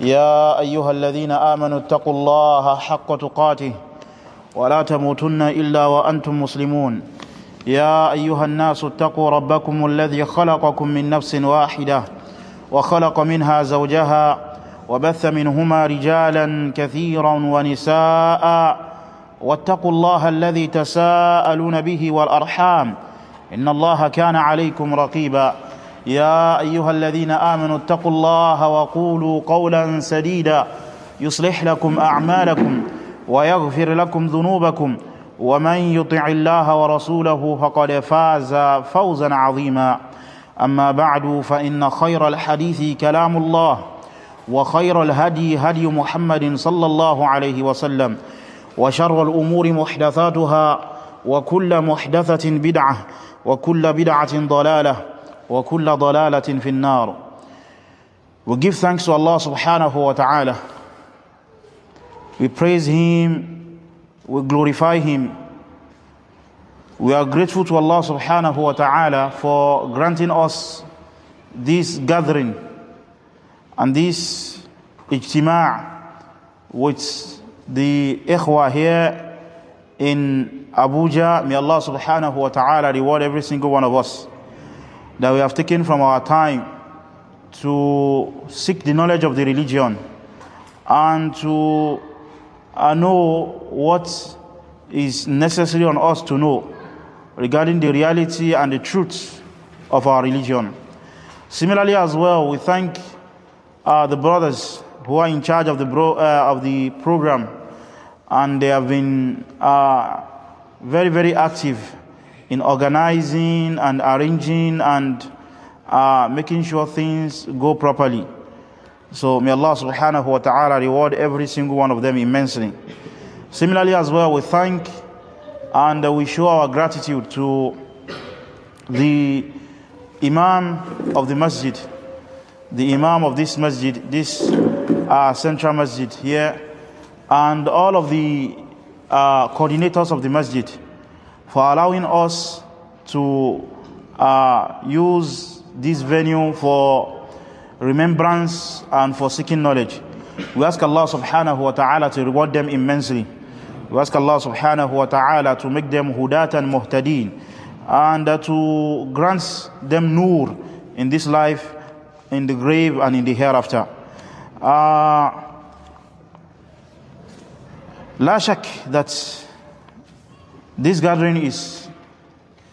يا ايها الذين امنوا اتقوا الله حق تقاته ولا تموتن الا وانتم مسلمون يا ايها الناس اتقوا ربكم الذي خلقكم من نفس واحده وخلق منها زوجها وبث منهما رجالا كثيرا ونساء واتقوا الله الذي تساءلون به والارحام ان الله كان عليكم رقيبا يا ايها الذين امنوا اتقوا الله وقولوا قولا سديدا يصلح لكم اعمالكم ويغفر لكم ذنوبكم ومن يطع الله ورسوله فقد فاز فوزا عظيما اما بعد فان خير الحديث كلام الله وخير الهدي هدي محمد صلى الله عليه وسلم وشر الامور محدثاتها وكل محدثه بدعه وكل بدعه ضلاله وكل ضلالة في النار We give thanks to Allah subhanahu wa ta'ala We praise Him We glorify Him We are grateful to Allah subhanahu wa ta'ala for granting us this gathering and this ijtima' with the ikhwa here in Abuja. May Allah subhanahu wa ta'ala reward every single one of us. that we have taken from our time to seek the knowledge of the religion and to uh, know what is necessary on us to know regarding the reality and the truth of our religion. Similarly, as well, we thank uh, the brothers who are in charge of the, bro- uh, of the program and they have been uh, very, very active in organizing and arranging and uh, making sure things go properly. So may Allah subhanahu wa ta'ala reward every single one of them immensely. Similarly as well, we thank and we show our gratitude to the Imam of the Masjid, the Imam of this Masjid, this uh, central Masjid here, and all of the uh, coordinators of the Masjid for allowing us to uh, use this venue for remembrance and for seeking knowledge. We ask Allah subhanahu wa ta'ala to reward them immensely. We ask Allah subhanahu wa ta'ala to make them hudat and muhtadeen and uh, to grant them nur in this life, in the grave, and in the hereafter. Uh, that this gathering is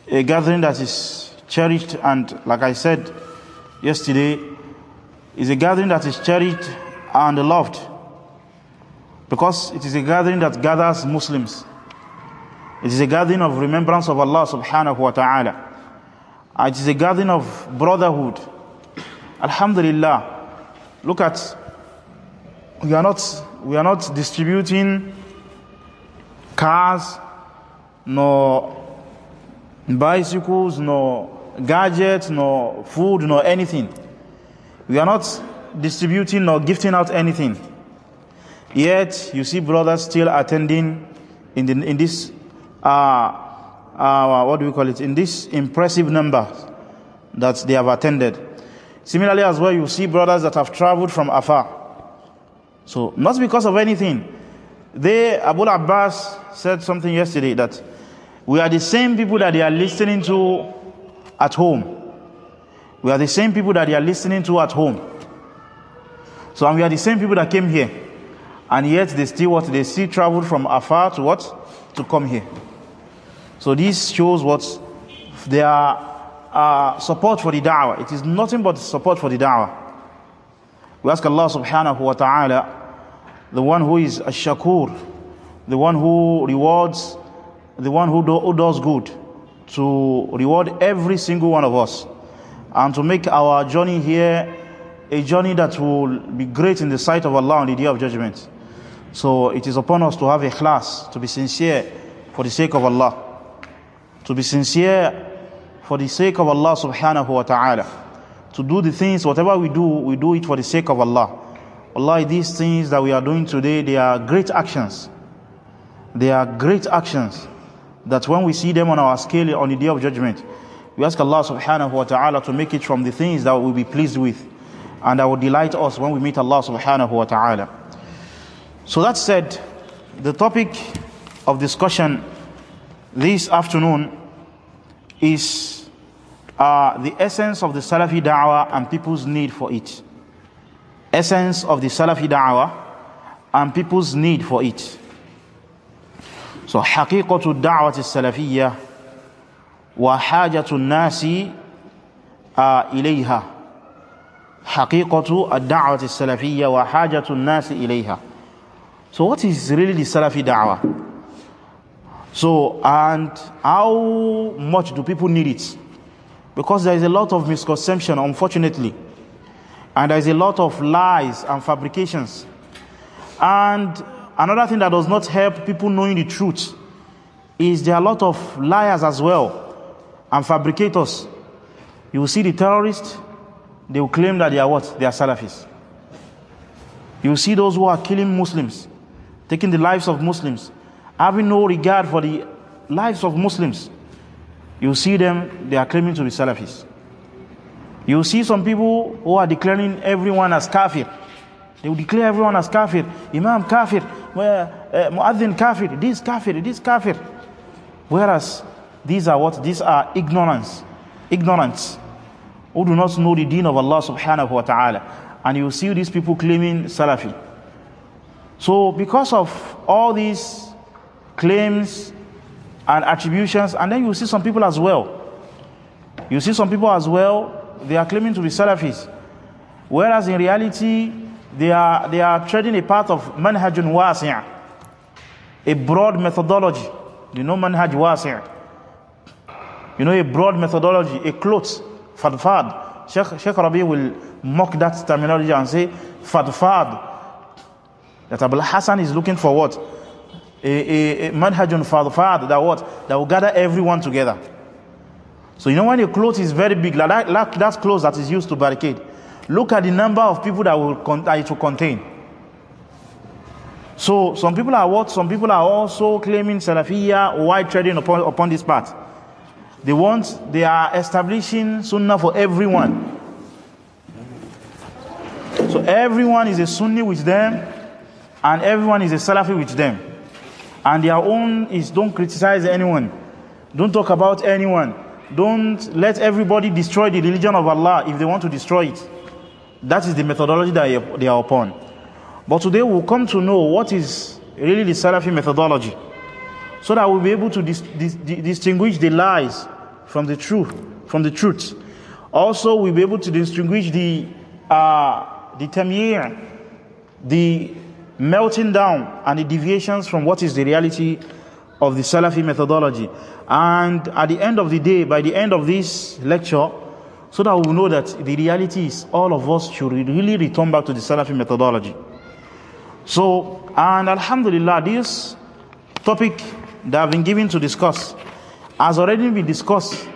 a gathering that is cherished and, like I said yesterday, is a gathering that is cherished and loved because it is a gathering that gathers Muslims. It is a gathering of remembrance of Allah subhanahu wa ta'ala. It is a gathering of brotherhood. Alhamdulillah. Look at we are not we are not distributing cars nor bicycles, nor gadgets, nor food, nor anything. We are not distributing nor gifting out anything. Yet, you see brothers still attending in, the, in this, uh, uh, what do we call it, in this impressive number that they have attended. Similarly, as well, you see brothers that have traveled from afar. So, not because of anything. They, Abul Abbas said something yesterday that we are the same people that they are listening to at home. We are the same people that they are listening to at home. So and we are the same people that came here. And yet they still what they still traveled from afar to what? To come here. So this shows what their uh, support for the da'wah. It is nothing but support for the da'wah. We ask Allah subhanahu wa ta'ala, the one who is ash-shakur, the one who rewards the one who, do, who does good to reward every single one of us and to make our journey here a journey that will be great in the sight of Allah on the day of judgment. So it is upon us to have a class, to be sincere for the sake of Allah. To be sincere for the sake of Allah subhanahu wa ta'ala. To do the things, whatever we do, we do it for the sake of Allah. Allah, these things that we are doing today, they are great actions. They are great actions that when we see them on our scale on the day of judgment, we ask Allah subhanahu wa ta'ala to make it from the things that we'll be pleased with and that will delight us when we meet Allah subhanahu wa ta'ala. So that said, the topic of discussion this afternoon is uh, the essence of the Salafi da'wah and people's need for it. Essence of the Salafi da'wah and people's need for it. so haqiqatu da'wati salafiyya wa hajatu nasi a uh, ilaiha haqiqatu ad-da'wati salafiyya wa hajatu nasi ilaiha so what is really the salafi da'wah so and how much do people need it because there is a lot of misconception unfortunately and there is a lot of lies and fabrications and another thing that does not help people knowing the truth is there are a lot of liars as well and fabricators you will see the terrorists they will claim that they are what they are salafis you will see those who are killing muslims taking the lives of muslims having no regard for the lives of muslims you will see them they are claiming to be salafis you will see some people who are declaring everyone as kafir they will declare everyone as kafir. Imam kafir, uh, eh, eh, muadhin kafir, this kafir, this kafir. Whereas these are what? These are ignorance. Ignorance. Who do not know the deen of Allah subhanahu wa ta'ala. And you see these people claiming Salafi. So because of all these claims and attributions, and then you see some people as well. You see some people as well, they are claiming to be Salafis. Whereas in reality, they are, they are treading a path of manhajun wasi' a broad methodology. You know manhaj wasi' you know, a broad methodology, a cloth, fadfad. Sheikh, Sheikh Rabi will mock that terminology and say, fadfad. That Abul Hassan is looking for what? A, a, a manhajun fadfad, that what? That will gather everyone together. So you know when a cloth is very big, like that, like that cloth that is used to barricade, look at the number of people that will that it will contain so some people are what some people are also claiming or white trading upon upon this part they want they are establishing sunnah for everyone so everyone is a sunni with them and everyone is a salafi with them and their own is don't criticize anyone don't talk about anyone don't let everybody destroy the religion of allah if they want to destroy it that is the methodology that they are upon. But today we'll come to know what is really the Salafi methodology so that we'll be able to dis dis distinguish the lies from the truth, from the truth. Also, we'll be able to distinguish the uh, the tamir, the melting down and the deviations from what is the reality of the Salafi methodology. And at the end of the day, by the end of this lecture, so that we know that the reality is all of us should really return back to the Salafi methodology. So, and Alhamdulillah, this topic that I've been given to discuss has already been discussed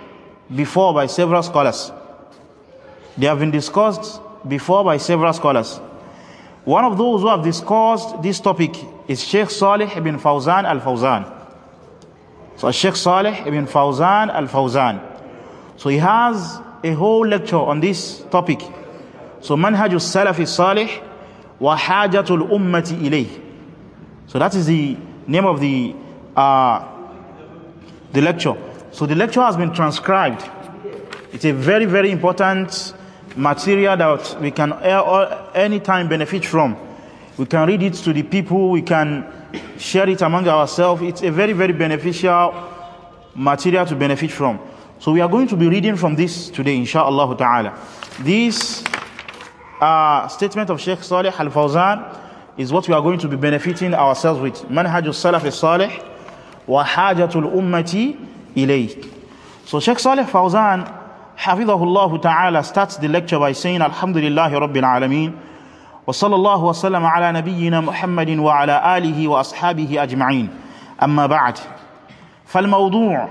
before by several scholars. They have been discussed before by several scholars. One of those who have discussed this topic is Sheikh Saleh ibn Fawzan al-Fawzan. So Sheikh Saleh ibn Fawzan al-Fawzan. So he has a whole lecture on this topic. So manhaj salafi salih wa hajatul ummati ilayh. So that is the name of the uh, the lecture. So the lecture has been transcribed. It's a very very important material that we can anytime benefit from. We can read it to the people, we can share it among ourselves. It's a very very beneficial material to benefit from. So we are going to be reading from this today, inshaAllah ta'ala. This uh, statement of Sheikh Saleh Al-Fawzan is what we are going to be benefiting ourselves with. Manhaj al-Salaf al-Salih wa hajatul ummati ilayk. So Sheikh Saleh Fawzan, Hafidhahullah ta'ala, starts the lecture by saying, Alhamdulillahi Rabbil Alameen. وصلى الله وسلم على نبينا محمد وعلى آله وأصحابه أجمعين أما بعد فالموضوع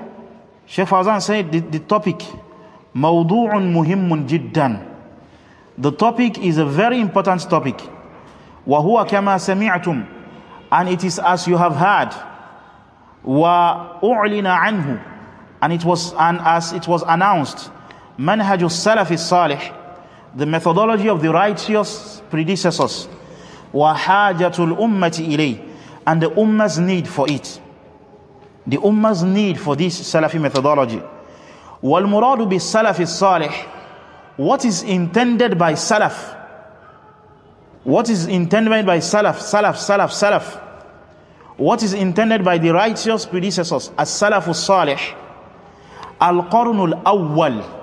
Sheikh Fawzan said the, the topic, Mawdu'un muhimmun jiddan. The topic is a very important topic. وَهُوَ كَمَا سَمِعْتُمْ And it is as you have heard. وَأُعْلِنَ عَنْهُ And it was and as it was announced. مَنْهَجُ السَّلَفِ الصَّالِحِ The methodology of the righteous predecessors. وَحَاجَةُ الْأُمَّةِ إِلَيْهِ And the ummah's need for it the ummah's need for this Salafi methodology. What is intended by Salaf? What is intended by Salaf, Salaf, Salaf, Salaf? What is intended by the righteous predecessors? As-Salafu Salih. Al-Qarnul Awwal.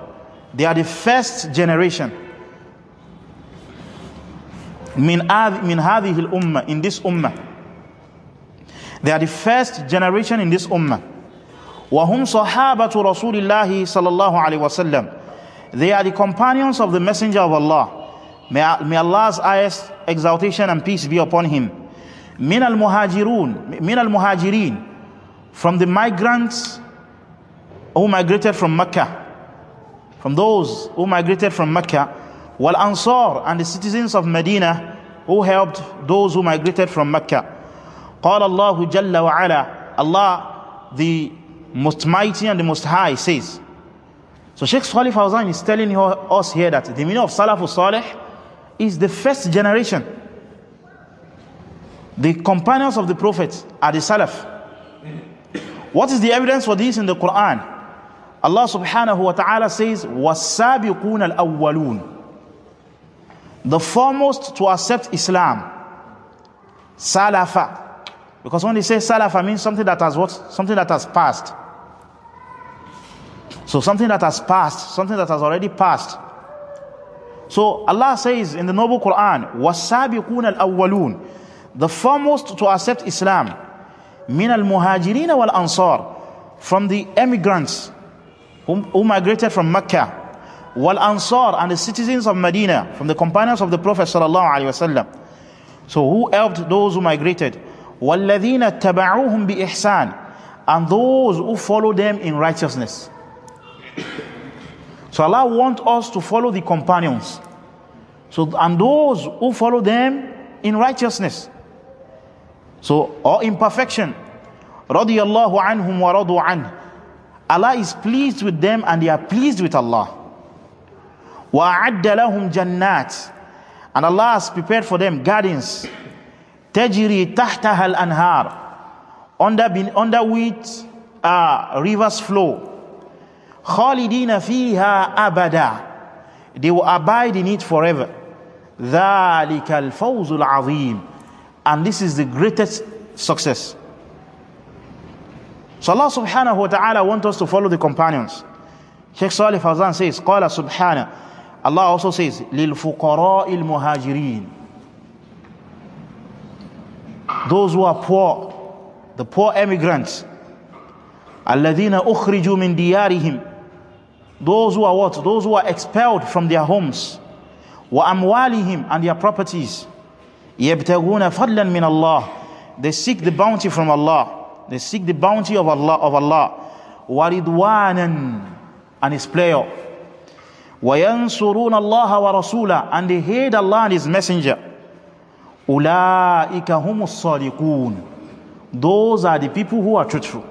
They are the first generation. Min, min هذه الأمة, in this ummah. They are the first generation in this ummah. وَهُمْ صَحَابَةُ رَسُولِ اللَّهِ صَلَى اللَّهُ عَلَيْهِ وَسَلَّمُ They are the companions of the Messenger of Allah. May, may Allah's highest exaltation and peace be upon him. مِنَ الْمُهَاجِرُونَ مِنَ الْمُهَاجِرِينَ From the migrants who migrated from Mecca. From those who migrated from Mecca. Wal Ansar and the citizens of Medina who helped those who migrated from Mecca. قال الله جل وعلا Allah the most mighty and the most high says so Sheikh Salih Fawzan is telling us here that the meaning of Salafus Salih is the first generation the companions of the prophet are the Salaf what is the evidence for this in the Quran Allah subhanahu wa ta'ala says وَالسَّابِقُونَ الْأَوَّلُونَ the foremost to accept Islam Salafa because when they say Salaf, I mean something that has what? Something that has passed. So something that has passed, something that has already passed. So Allah says in the Noble Quran, al-awwalun," The foremost to accept Islam, al مِنَ wal ansar From the emigrants who, who migrated from Mecca, wal ansar and the citizens of Medina from the companions of the Prophet sallallahu alaihi wasallam. So who helped those who migrated? وَالَّذِينَ تَبَعُوهُمْ بِإِحْسَانٍ And those who follow them in righteousness. So Allah wants us to follow the companions. So, and those who follow them in righteousness. So, or imperfection. رضي anhum عنهم ورضوا عنه. Allah is pleased with them and they are pleased with Allah. وَأَعَدَّ لَهُمْ جَنَّاتٍ And Allah has prepared for them gardens. تجري تحتها الأنهار under, under which uh, rivers flow خالدين فيها أبدا they will abide in it forever ذلك الفوز العظيم and this is the greatest success so Allah subhanahu wa ta'ala wants us to follow the companions Sheikh Salih Fawzan says قال سبحانه Allah also says للفقراء المهاجرين those who are poor, the poor emigrants. الَّذِينَ أُخْرِجُوا مِنْ diyarihim. Those who are what? Those who are expelled from their homes. amwalihim And their properties. يَبْتَغُونَ fadlan مِنَ They seek the bounty from Allah. They seek the bounty of Allah. Of Allah. وَرِضْوَانًا And His player. وَيَنْصُرُونَ اللَّهَ وَرَسُولَهُ And they hate Allah and His Messenger. ulaika هم sadiqun those are the people who are truthful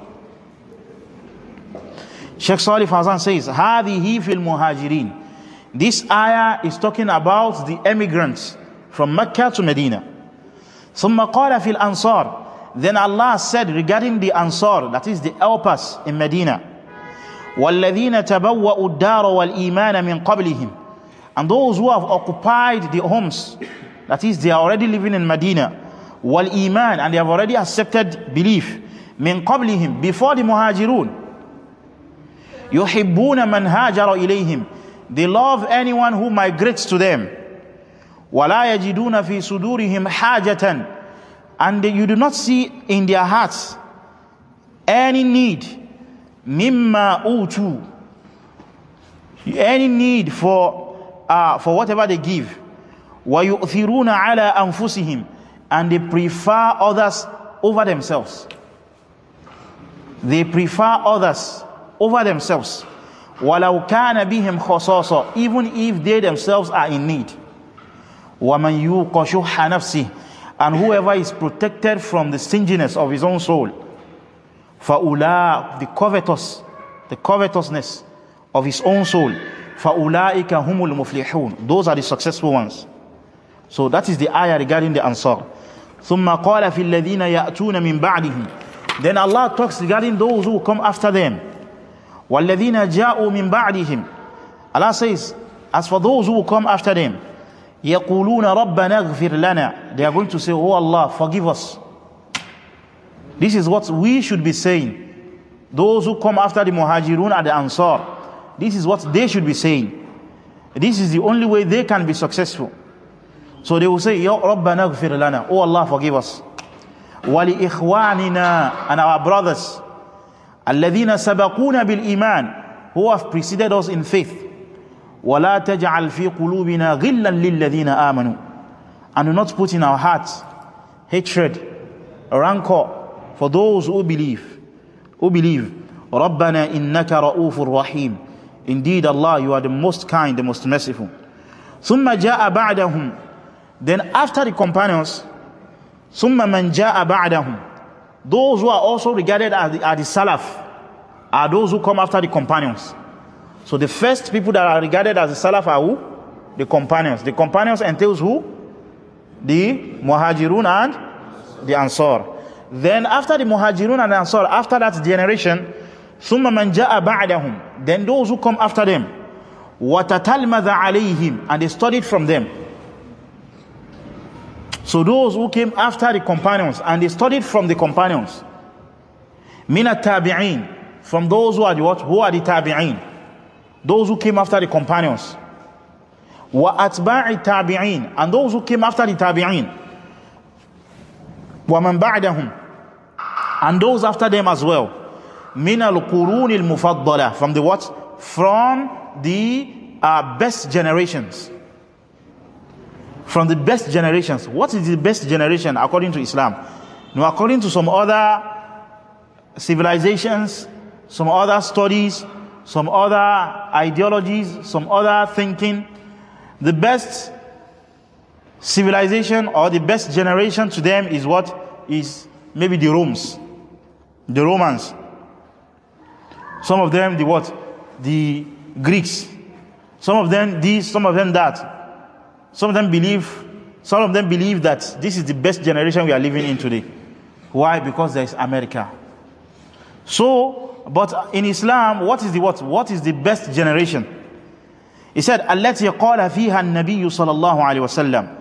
Sheikh Salih Fazan says هذه fil muhajirin this ayah is talking about the emigrants from Mecca to Medina ثم قال في الأنصار then Allah said regarding the Ansar that is the helpers in Medina والذين تبوأوا الدار والإيمان من قبلهم and those who have occupied the homes That is, they are already living in Medina. Wal Iman, and they have already accepted belief. Min qablihim, before the Muhajirun. Yuhibbuna man hajara ilayhim. They love anyone who migrates to them. وَلَا يَجِدُونَ فِي صُدُورِهِمْ حَاجَةً And you do not see in their hearts any need mimma utu any need for uh, for whatever they give وَيُؤْثِرُونَ عَلَىٰ أَنفُسِهِمْ And they prefer others over themselves. They prefer others over themselves. وَلَوْ كَانَ بِهِمْ خَصَاصًا Even if they themselves are in need. وَمَنْ يُوقَ شُحَّ نَفْسِهِ And whoever is protected from the stinginess of his own soul. فَأُولَىٰ The covetous, the covetousness of his own soul. فَأُولَٰئِكَ هُمُ الْمُفْلِحُونَ Those are the successful ones. So that is the ayah regarding the Ansar. ثُمَّ قَالَ فِي الَّذِينَ يَأْتُونَ مِن بَعْدِهِمْ Then Allah talks regarding those who come after them. وَالَّذِينَ جَاءُوا مِن بَعْدِهِمْ Allah says, as for those who come after them, يَقُولُونَ رَبَّنَا اغْفِرْ لَنَا They are going to say, Oh Allah, forgive us. This is what we should be saying. Those who come after the Muhajirun and the Ansar, this is what they should be saying. This is the only way they can be successful. So they will say, Ya Rabbana gfir lana. Oh Allah, forgive us. Wali ikhwanina and our brothers. Alladhina sabakuna bil iman. Who have preceded us in faith. Wala taj'al fi qulubina ghillan lilladhina amanu. And do not put in our hearts hatred, rancor for those who believe. Who believe. Rabbana innaka ra'ufur rahim. Indeed Allah, you are the most kind, the most merciful. ثم جاء بعدهم then after the companions, ثُمَّ مَنْ جَاءَ بَعْدَهُمْ Those who are also regarded as the, as the Salaf are those who come after the companions. So the first people that are regarded as the Salaf are who? The companions. The companions entails who? The Muhajirun and the Ansar. Then after the Muhajirun and Ansar, after that generation, ثُمَّ مَنْ جَاءَ بَعْدَهُمْ Then those who come after them, وَتَتَلْمَذَ عَلَيْهِمْ And they studied from them. So those who came after the companions and they studied from the companions. Mina tabi'in. From those who are the what? Who are the tabi'in? Those who came after the companions. Wa atba'i tabi'in. And those who came after the tabi'in. Wa man ba'dahum. And those after them as well. Mina al-qurun al-mufaddala. From the what? From the uh, best generations from the best generations. What is the best generation according to Islam? Now, according to some other civilizations, some other studies, some other ideologies, some other thinking, the best civilization or the best generation to them is what is maybe the Romans, the Romans. Some of them, the what? The Greeks. Some of them this, some of them that some of them believe some of them believe that this is the best generation we are living in today why because there is america so but in islam what is the what what is the best generation he said allati qala wasallam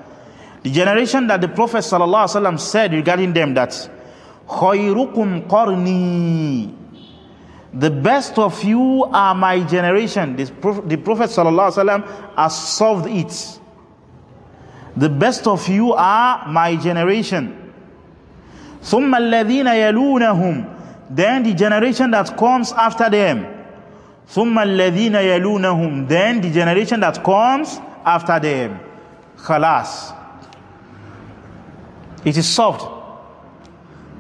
the generation that the prophet sallallahu alaihi wasallam said regarding them that khayrukum qarni the best of you are my generation the prophet, the prophet sallallahu alaihi wasallam has solved it the best of you are my generation. ثُمَّ الَّذِينَ يَلُونَهُمْ Then the generation that comes after them. ثُمَّ الَّذِينَ يَلُونَهُمْ Then the generation that comes after them. خلاص. It is solved.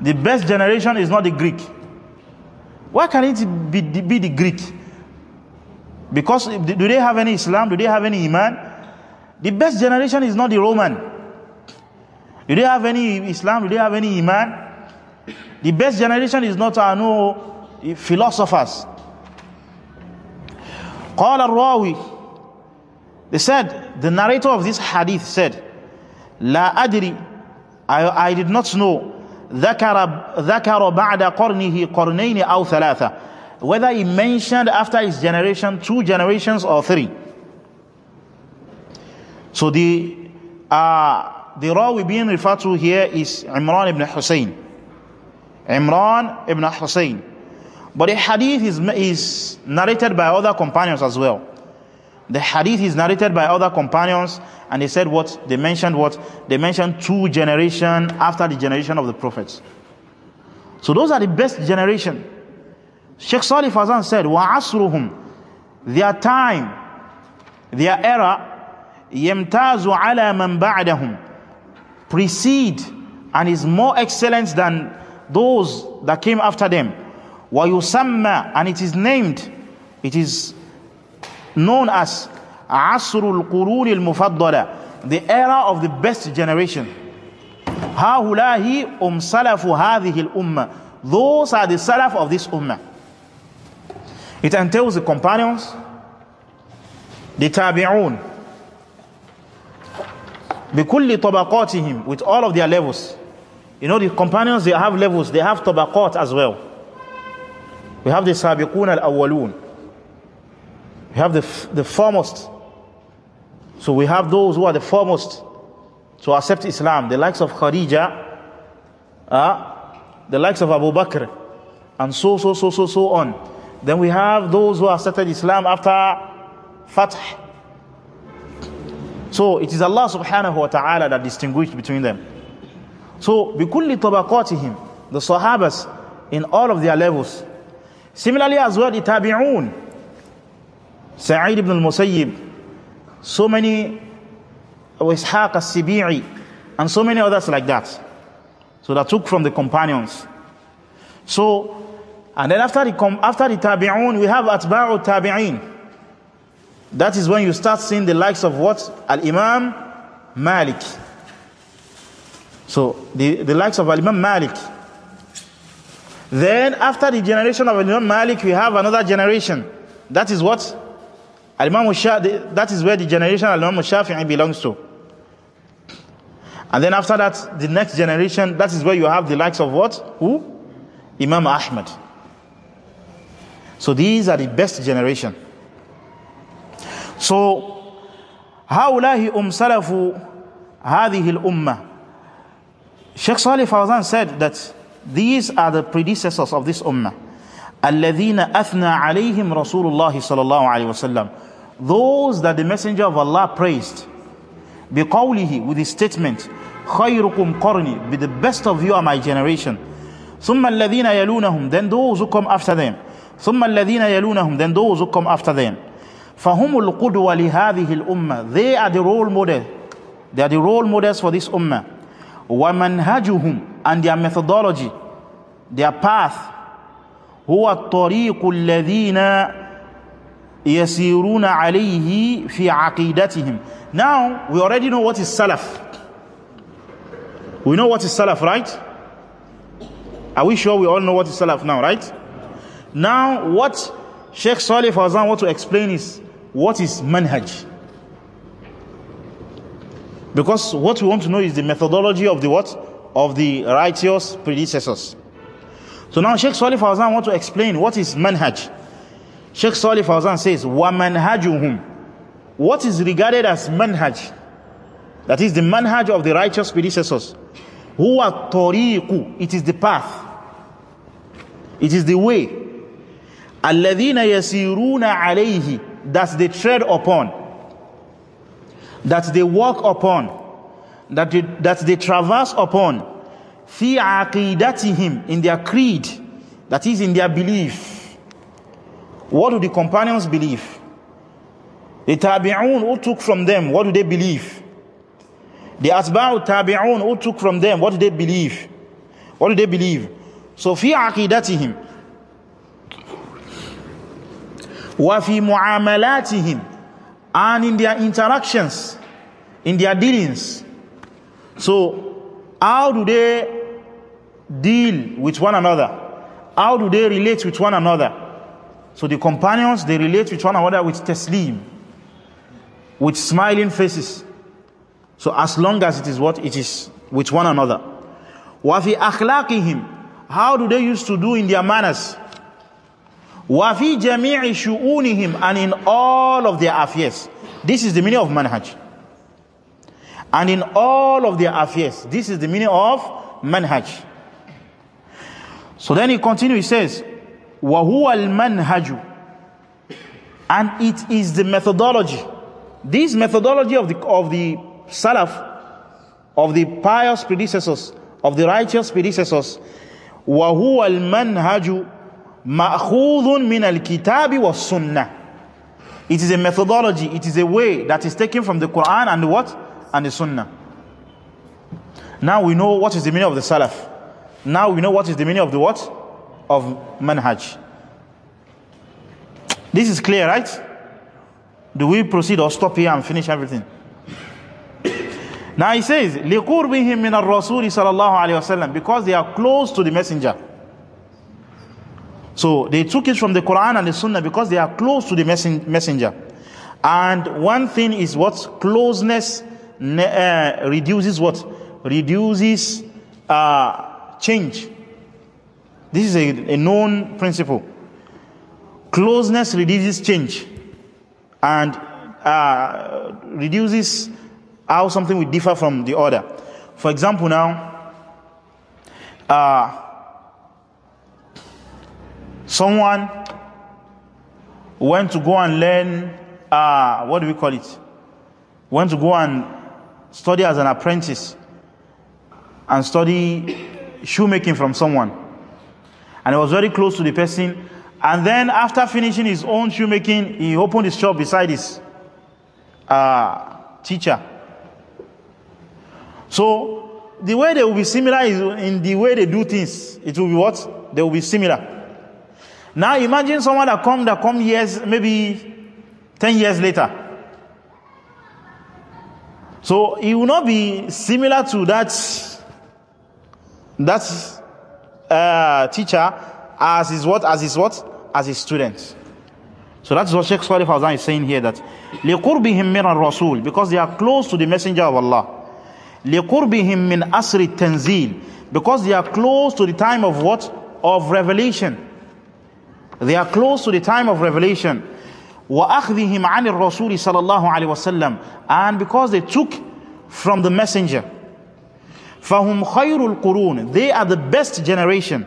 The best generation is not the Greek. Why can it be, be the Greek? Because do they have any Islam? Do they have any Iman? The best generation is not the Roman. Do they have any Islam? Do they have any Iman? The best generation is not, I know, philosophers. قال الراوي They said, the narrator of this hadith said, لا أدري I, I did not know ذكر, ذكر بعد قرنه قرنين أو ثلاثة whether he mentioned after his generation two generations or three so the, uh, the Rawi being referred to here is Imran ibn Hussein. Imran ibn Hussein. But the hadith is, is narrated by other companions as well. The hadith is narrated by other companions, and they said what? They mentioned what? They mentioned two generation after the generation of the prophets. So those are the best generation. Sheikh Salih Fazan said, Wa asruhum, their time, their era يمتاز على من بعدهم precede and is more excellent than those that came after them ويسمى and it is named it is known as عصر القرون المفضلة the era of the best generation هؤلاء أم سلف هذه الأمة those are the salaf of this ummah it entails the companions the tabi'oon in him, With all of their levels. You know, the companions, they have levels. They have tabaqat as well. We have the sabiqun al-awwalun. We have the, the foremost. So we have those who are the foremost to accept Islam. The likes of Khadija, uh, the likes of Abu Bakr, and so, so, so, so, so on. Then we have those who accepted Islam after Fatḥ. So it is Allah subhanahu wa ta'ala that distinguished between them. So بِكُلِّ طَبَقَاتِهِمْ The Sahabas in all of their levels. Similarly as well, Itabi'un. Sa'id ibn al-Musayyib. So many Ishaq al-Sibi'i. And so many others like that. So that took from the companions. So, and then after the, after the Tabi'un, we have Atba'u Tabi'in. That is when you start seeing the likes of what? Al-Imam Malik. So the, the likes of Al-Imam Malik. Then after the generation of Al-Imam Malik, we have another generation. That is what? Al-Imam that is where the generation Al-Imam Shafi'i belongs to. And then after that, the next generation, that is where you have the likes of what? Who? Imam Ahmad. So these are the best generation. So, هؤلاء umsalafu سلف هذه الأمة Sheikh Salih Fawzan said that these are the predecessors of this ummah. الَّذِينَ أَثْنَى عَلَيْهِمْ رَسُولُ اللَّهِ صَلَى اللَّهُ عَلَيْهِ وَسَلَّمُ Those that the Messenger of Allah praised بِقَوْلِهِ with his statement خَيْرُكُمْ قَرْنِي Be the best of you are my generation. ثُمَّ الَّذِينَ يَلُونَهُمْ Then those who come after them. ثُمَّ الَّذِينَ يَلُونَهُمْ Then those who come after them. فهم القدوة لهذه الأمة they are the role model they are the role models for this أمة ومنهجهم and their methodology their path هو الطريق الذين يسيرون عليه في عقيدتهم now we already know what is salaf we know what is salaf right are we sure we all know what is salaf now right now what Sheikh Salih Fazan wants to explain is what is manhaj because what we want to know is the methodology of the what of the righteous predecessors so now Sheikh Salih Fawzan want to explain what is manhaj Sheikh Salih Fawzan says wa manhajuhum what is regarded as manhaj that is the manhaj of the righteous predecessors huwa tariqu it is the path it is the way alladhina yasiruna alayhi that they tread upon, that they walk upon, that they, that they traverse upon, fi aqidatihim, in their creed, that is in their belief. What do the companions believe? The tabi'un who took from them, what do they believe? The asba'u tabi'un who took from them, what do they believe? What do they believe? So fi aqidatihim, وَفِي مُعَامَلَاتِهِمْ And in their interactions, in their dealings. So, how do they deal with one another? How do they relate with one another? So the companions, they relate with one another with taslim, with smiling faces. So as long as it is what it is with one another. in him? How do they used to do in their manners? وَفِي جَمِيعِ شُؤُونِهِمْ And in all of their affairs. This is the meaning of manhaj. And in all of their affairs. This is the meaning of manhaj. So then he continues, he says, وَهُوَ الْمَنْهَجُ And it is the methodology. This methodology of the, of the Salaf, of the pious predecessors, of the righteous predecessors, وَهُوَ الْمَنْهَجُ ma'khudhun min al-kitabi was sunnah it is a methodology it is a way that is taken from the Quran and what and the sunnah now we know what is the meaning of the salaf now we know what is the meaning of the what of manhaj this is clear right do we proceed or stop here and finish everything now he says لِقُرْبِهِمْ مِنَ الرَّسُولِ صَلَى اللَّهُ عَلَيْهِ وَسَلَّمْ because they are close to the messenger so they took it from the Quran and the Sunnah because they are close to the messenger. And one thing is what closeness uh, reduces what reduces uh, change. This is a, a known principle. Closeness reduces change and uh, reduces how something will differ from the other. For example, now, uh, someone went to go and learn uh, what do we call it went to go and study as an apprentice and study shoemaking from someone and he was very close to the person and then after finishing his own shoemaking he opened his shop beside his uh, teacher so the way they will be similar is in the way they do things it will be what they will be similar now imagine someone that come that come years, maybe 10 years later. So it will not be similar to that, that uh, teacher as is what, as is what, as his student. So that's what Sheikh Salih Fawzan is saying here that لِقُرْبِهِمْ مِنَ الرَّسُولِ because they are close to the messenger of Allah. لِقُرْبِهِمْ مِنْ أَسْرِ التَّنْزِيلِ because they are close to the time of what? Of revelation. They are close to the time of revelation. وَأَخْذِهِمْ عَنِ الرَّسُولِ صَلَى اللَّهُ عَلَيْهِ وَسَلَّمَ And because they took from the messenger. فَهُمْ خَيْرُ الْقُرُونِ They are the best generation.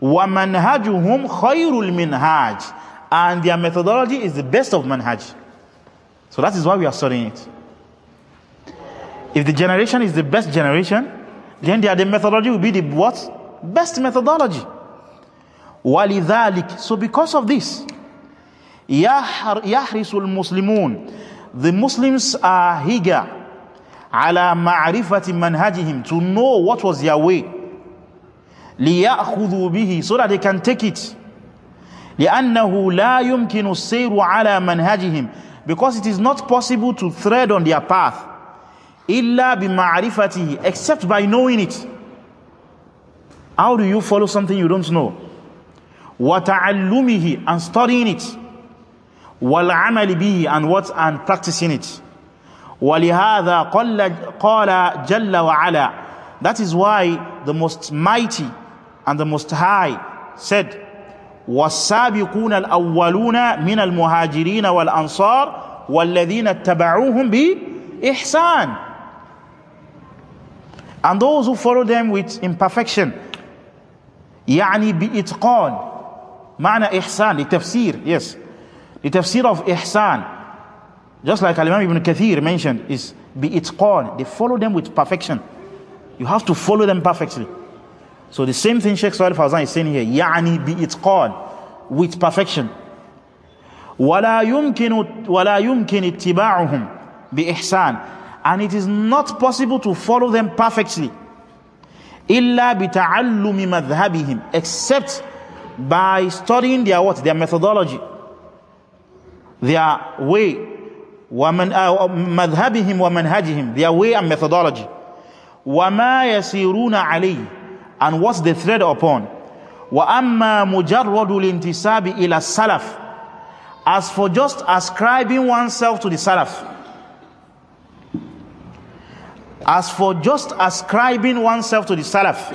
وَمَنْهَجُهُمْ خَيْرُ الْمِنْهَاجِ And their methodology is the best of manhaj. So that is why we are studying it. If the generation is the best generation, then their the methodology will be the what? Best methodology. ولذلك so because of this يحرص المسلمون the Muslims are eager على معرفة منهجهم to know what was their way ليأخذوا به so that they can take it لأنه لا يمكن السير على منهجهم because it is not possible to thread on their path إلا بمعرفته except by knowing it how do you follow something you don't know وتعلمه and studying it والعمل به and what and practicing it ولهذا قال, قال جل وعلا that is why the most mighty and the most high said والسابقون الأولون من المهاجرين والأنصار والذين اتبعوهم بإحسان and those who follow them with imperfection يعني بإتقان Ma'na ihsan, the tafsir, yes. The tafsir of ihsan. Just like Al-Imam Ibn Kathir mentioned, is be called They follow them with perfection. You have to follow them perfectly. So the same thing Sheikh Salih Fawzan is saying here, يعني be called with perfection. ولا يمكن ولا يمكن اتباعهم بإحسان and it is not possible to follow them perfectly إلا بتعلم مذهبهم except by studying their what their methodology their way ومن مذهبهم ومنهجهم their way and methodology وما يسيرون عليه and what's the thread upon وأما مجرد الانتساب إلى السلف as for just ascribing oneself to the salaf as for just ascribing oneself to the salaf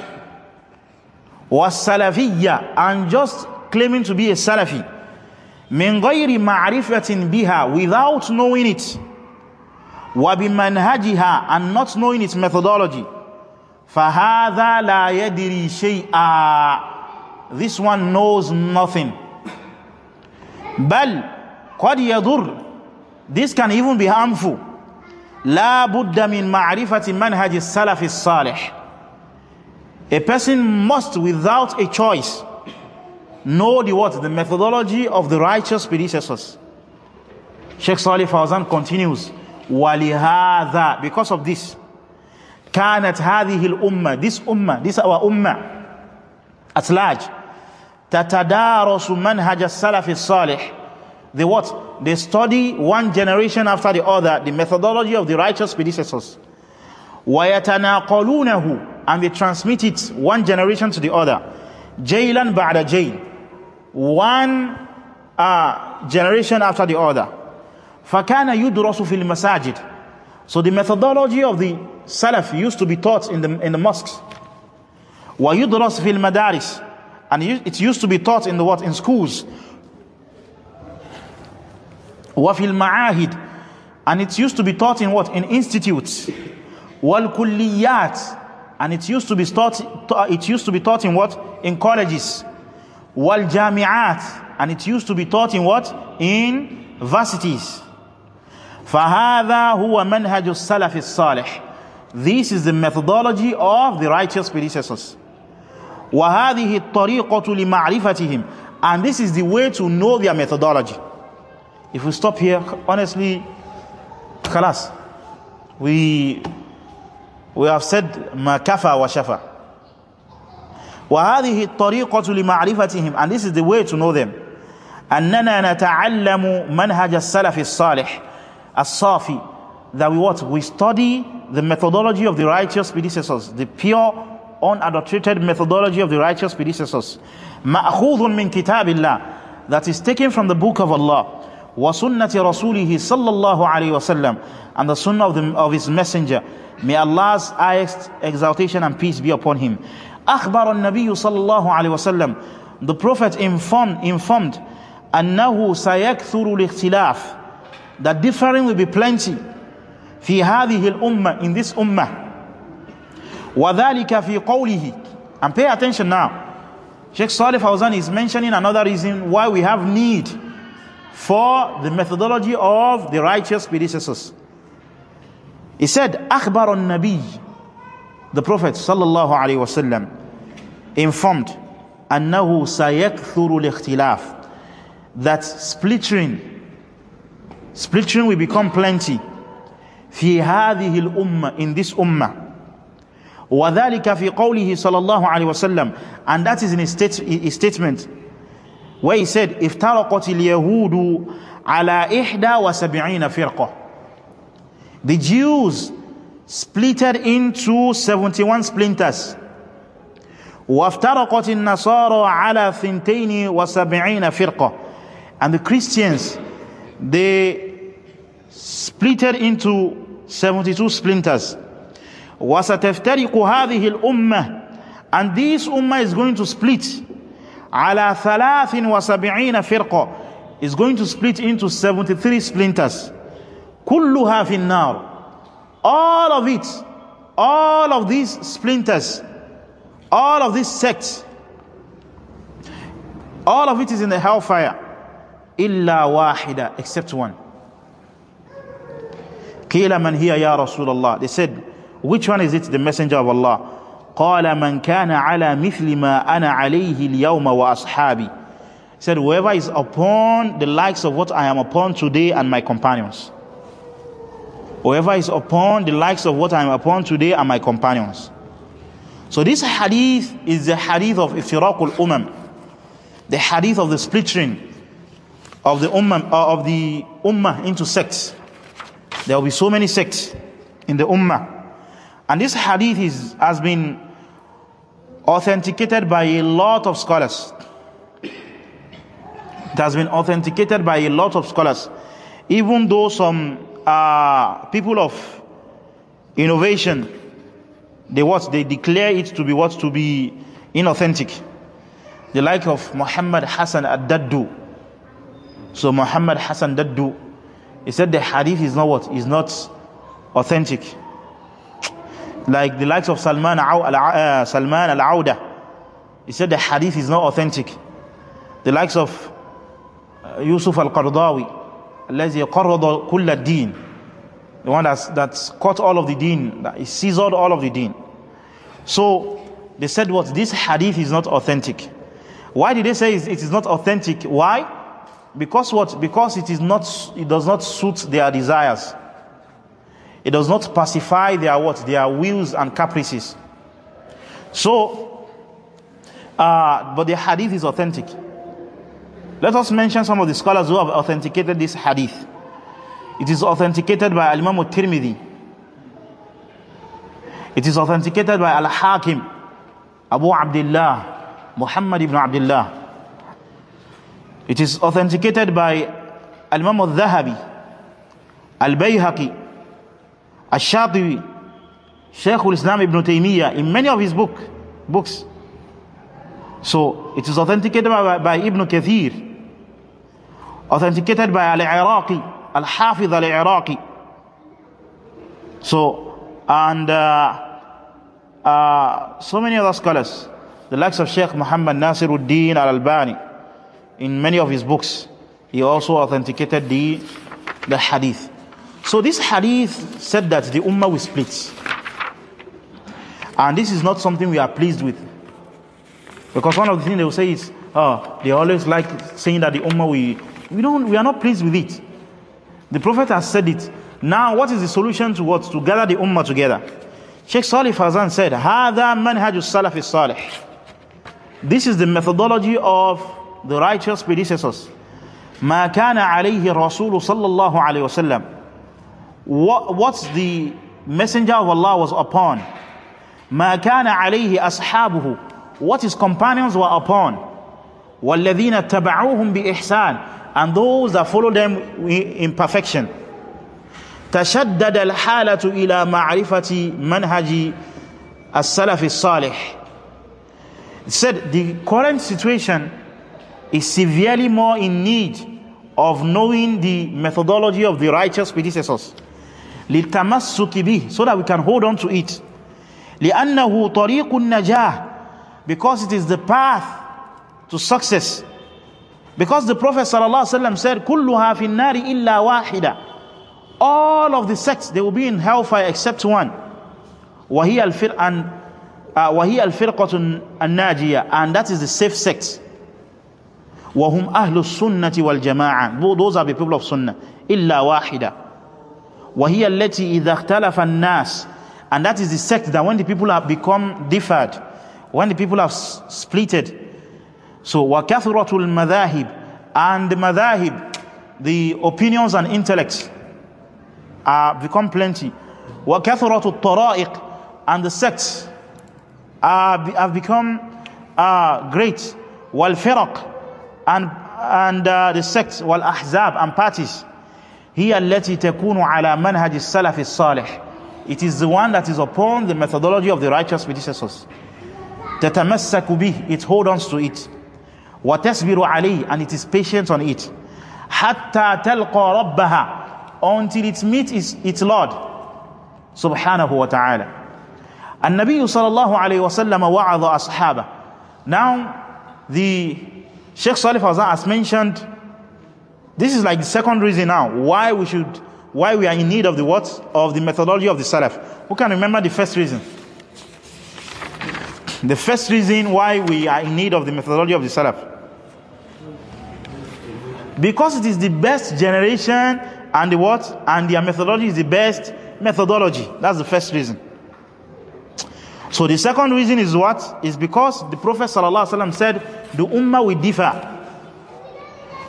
was and just claiming to be a salafi min ghayri ma'rifatin biha without knowing it wa bi manhajiha and not knowing its methodology fahadha la yadri shay'a this one knows nothing bal qad yadur this can even be harmful la budda min ma'rifati manhaj as-salaf as-salih A person must, without a choice, know the what? The methodology of the righteous predecessors. Sheikh Salih Fawzan continues, وَلِهَذَا Because of this, كَانَتْ هَذِهِ الْأُمَّةِ This ummah, this our ummah, at large, تَتَدَارَسُ مَنْهَجَ السَّلَفِ الصَّالِحِ They what? They study one generation after the other, the methodology of the righteous predecessors. وَيَتَنَاقَلُونَهُ and they transmit it one generation to the other. Jailan ba'da jail. One uh, generation after the other. do يُدْرَسُ fil masajid. So the methodology of the Salaf used to be taught in the, in the mosques. وَيُدْرَسُ fil madaris, And it used to be taught in the what? In schools. Wa fil ma'ahid, And it used to be taught in what? In institutes. kulliyat and it used to be taught it used to be taught in what in colleges wal jami'at and it used to be taught in what in varsities فهذا هو السلف الصالح This is the methodology of the righteous predecessors. وهذه الطريقة لمعرفتهم And this is the way to know their methodology. If we stop here, honestly, خلاص, we we have said ma kafa wa shafa and this is the way to know them أننا نتعلم منهج السلف الصالح الصافي that we what we study the methodology of the righteous predecessors the pure unadulterated methodology of the righteous predecessors مأخوذ من كتاب الله that is taken from the book of Allah وسنة رسوله صلى الله عليه وسلم and the sunnah of, the, of his messenger May Allah's highest exaltation and peace be upon him. أخبر النبي صلى الله عليه وسلم The Prophet informed, informed أنه سيكثر الاختلاف That differing will be plenty في هذه الأمة in this أمة وذلك في قوله And pay attention now Sheikh Salih Fawzan is mentioning another reason why we have need for the methodology of the righteous predecessors. He said, Akhbar nabi the Prophet sallallahu alaihi wasallam informed, أنه سيكثر الاختلاف that splittering splittering will become plenty في هذه الأمة in this ummah وذلك في قوله صلى الله عليه وسلم and that is in his, state, his statement where he said افترقت اليهود على إحدى وسبعين فرقة the Jews splitted into 71 splinters. وافترقت النصارى على ثنتين وسبعين فرقة and the Christians they splitted into 72 splinters وستفترق هذه الأمة and this ummah is going to split على ثلاث وسبعين فرقة is going to split into 73 splinters كلها في النار all of it all of these splinters all of these sects all of it is in the hellfire Illa waḥida, except one Kila man hiya ya رسول they said which one is it the messenger of Allah قال من كان على مثل ما أنا عليه اليوم وأصحابي said whoever is upon the likes of what I am upon today and my companions whoever is upon the likes of what I am upon today are my companions. So this hadith is the hadith of iftiraqul umam, the hadith of the splitting of the ummah uh, of the ummah into sects. There will be so many sects in the ummah, and this hadith is, has been authenticated by a lot of scholars. It has been authenticated by a lot of scholars, even though some people of innovation, they what they declare it to be what to be inauthentic. The like of Muhammad Hassan ad-Daddu. So Muhammad Hassan Daddu, he said the hadith is not what is not authentic. Like the likes of Salman al uh, Salman al-Auda, he said the hadith is not authentic. The likes of uh, Yusuf al-Qardawi, الذي قرض كل deen, the one that's, that's caught all of the deen that is seized all of the deen so they said what this hadith is not authentic why did they say it is not authentic why because what because it is not it does not suit their desires it does not pacify their what their wills and caprices so uh, but the hadith is authentic let us mention some of the scholars who have authenticated this hadith. It is authenticated by Al Imam Tirmidhi. It is authenticated by Al Hakim, Abu Abdullah, Muhammad ibn Abdullah. It is authenticated by Al Imam Al zahabi Al Bayhaqi, Al Shatibi, Sheikh Al Islam ibn Taymiyyah in many of his book, books. So it is authenticated by, by Ibn Kathir, authenticated by Al Iraqi, Al Hafiz Al Iraqi. So, and uh, uh, so many other scholars, the likes of Sheikh Muhammad Nasiruddin Al Albani, in many of his books, he also authenticated the, the hadith. So this hadith said that the ummah will split. And this is not something we are pleased with. Because one of the things they will say is, oh, they always like saying that the Ummah, we, we, don't, we are not pleased with it. The Prophet has said it. Now, what is the solution to what? To gather the Ummah together. Sheikh Salih Fazan said, هَذَا مَنْهَجُ السَّلَفِ This is the methodology of the righteous predecessors. مَا كَانَ عَلَيْهِ الرَّسُولُ صَلَّى اللَّهُ عَلَيْهِ وَسَلَّمُ what, What's the messenger of Allah was upon? مَا كَانَ عَلَيْهِ أَصْحَابُهُ what his companions were upon. وَالَّذِينَ تَبَعُوهُمْ بِإِحْسَانٍ And those that follow them in perfection. تشدد الحالة إلى معرفة منهج السلف الصالح It said the current situation is severely more in need of knowing the methodology of the righteous predecessors للتمسك به so that we can hold on to it لأنه طريق النجاح because it is the path to success. Because the Prophet ﷺ said, كُلُّهَا فِي النَّارِ إِلَّا وَاحِدًا All of the sects, they will be in hellfire except one. وَهِيَ الْفِرْقَةُ النَّاجِيَةُ And that is the safe sect. وَهُمْ أَهْلُ السُّنَّةِ وَالْجَمَاعَةِ Those are the people of Sunnah. إِلَّا وَاحِدًا وَهِيَ الَّتِي إِذَا اخْتَلَفَ النَّاسِ And that is the sect that when the people have become differed, when the people have splitted. So, وَكَثْرَةُ الْمَذَاهِبِ And the madahib, the opinions and intellects, are become plenty. وَكَثْرَةُ الطَّرَائِقِ And the sects are, have become uh, great. وَالْفِرَقِ And, and uh, the sects, وَالْأَحْزَابِ And parties. هِيَ الَّتِي تَكُونُ عَلَى مَنْهَجِ السَّلَفِ الصَّالِحِ It is the one that is upon the methodology of the righteous predecessors. تتمسك به it hold on to it وتصبر عليه and it is patient on it حتى تلقى ربها until it meets its, its Lord taala. وتعالى النبي صلى الله عليه وسلم وعظ ashaba now the Sheikh Salih has mentioned this is like the second reason now why we should why we are in need of the what of the methodology of the Salaf who can remember the first reason the first reason why we are in need of the methodology of the Salaf. Because it is the best generation and the what? And their methodology is the best methodology. That's the first reason. So the second reason is what? Is because the Prophet ﷺ said, the Ummah will differ.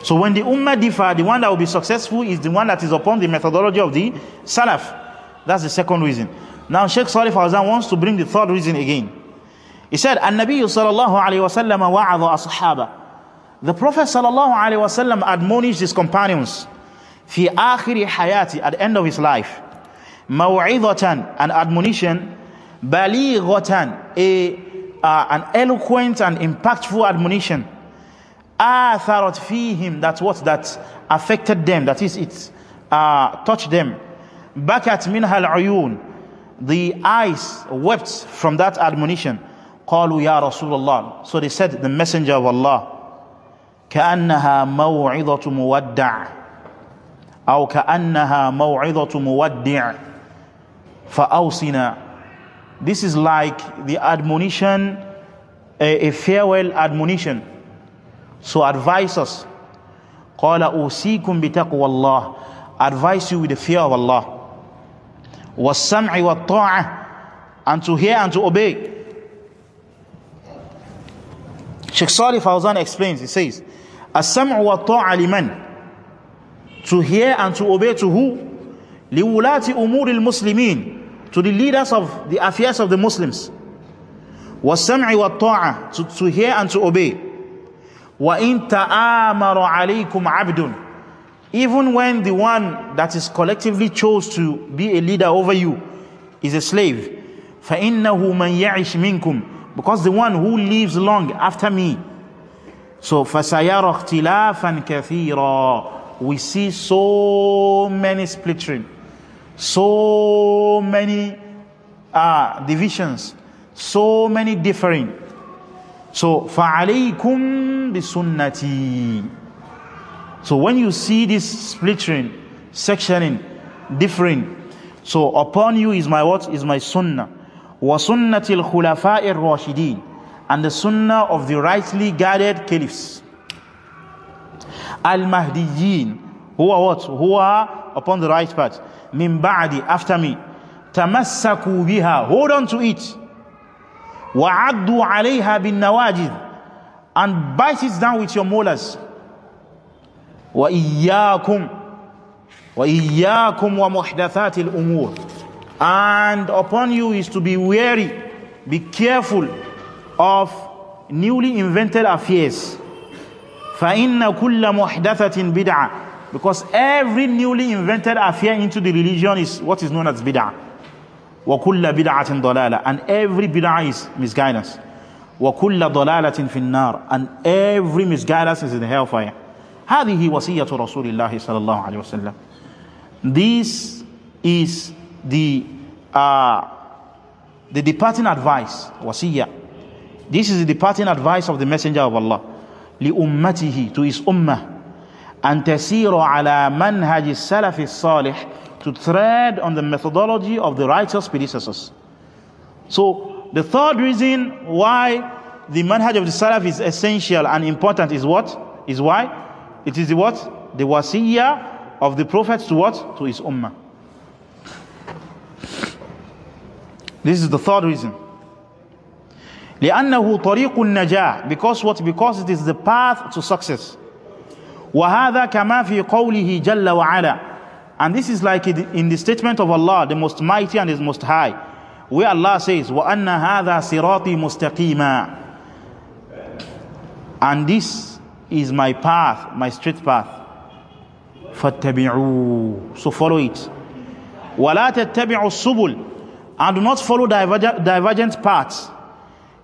So when the Ummah differ, the one that will be successful is the one that is upon the methodology of the Salaf. That's the second reason. Now Sheikh Salih Fawzan wants to bring the third reason again. He said, "An Nabi sallallahu alaihi wasallam wa'adha ashaba." The Prophet sallallahu admonished his companions fi akhiri hayati at the end of his life. Maw'idhatan an admonition balighatan a uh, an eloquent and impactful admonition atharat fihim that's what that affected them that is it uh, touched them bakat minha al the eyes wept from that admonition قالوا يا رسول الله so they said the messenger of Allah كأنها موعظة مودع أو كأنها موعظة مودع فأوصنا this is like the admonition a, a farewell admonition so advise us قال أوصيكم بتقوى الله advise you with the fear of Allah والسمع والطاعة and to hear and to obey Sheikh Salih Fawzan explains, he says, As-sam'u wa ta'a liman. To hear and to obey to who? Liwulati umuril muslimin. To the leaders of the affairs of the Muslims. Was-sam'i wa ta'a. To, to hear and to obey. Wa in ta'amara alaykum abdun. Even when the one that is collectively chose to be a leader over you is a slave. فَإِنَّهُ مَنْ يَعِشْ مِنْكُمْ because the one who lives long after me so فَسَيَرَ اخْتِلَافًا كَثِيرًا we see so many splitting so many uh, divisions so many differing so فَعَلَيْكُمْ بِسُنَّتِي so when you see this splitting sectioning differing so upon you is my what is my sunnah وَسُنَّةِ الْخُلَفَاءِ الرَّاشِدِينَ And the sunnah of the rightly guided caliphs. المهديين who are what? Who are upon the right path. مِنْ بَعْدِ After me. تَمَسَّكُوا بِهَا Hold on to it. وَعَدُّوا عَلَيْهَا بِالنَّوَاجِذِ And bite it down with your molars. وَإِيَّاكُمْ وَإِيَّاكُمْ وَمُحْدَثَاتِ الْأُمُورِ And upon you is to be wary, be careful of newly invented affairs. فَإِنَّ كُلَّ مُحْدَثَةٍ بِدْعَةٍ Because every newly invented affair into the religion is what is known as bid'ah. وَكُلَّ بِدْعَةٍ ضَلَالَةٍ And every bid'ah is misguidance. وَكُلَّ ضَلَالَةٍ فِي النَّارِ And every misguidance is in the hellfire. هذه وصية رسول الله صلى الله عليه وسلم. This is the uh, the departing advice wasiya this is the departing advice of the messenger of Allah li ummatihi to his ummah and tasiru ala manhaj salaf salih to tread on the methodology of the righteous predecessors so the third reason why the manhaj of the salaf is essential and important is what is why it is the what the wasiya of the prophet to what to his ummah this is the third reason. لأنه طريق النجاة because what because it is the path to success وهذا كما في قوله جل وعلا and this is like in the statement of Allah the most mighty and the most high where Allah says وأن هذا صراطي مستقيما and this is my path my straight path فاتبعوا so follow it ولا تتبعوا السبل and do not follow divergent paths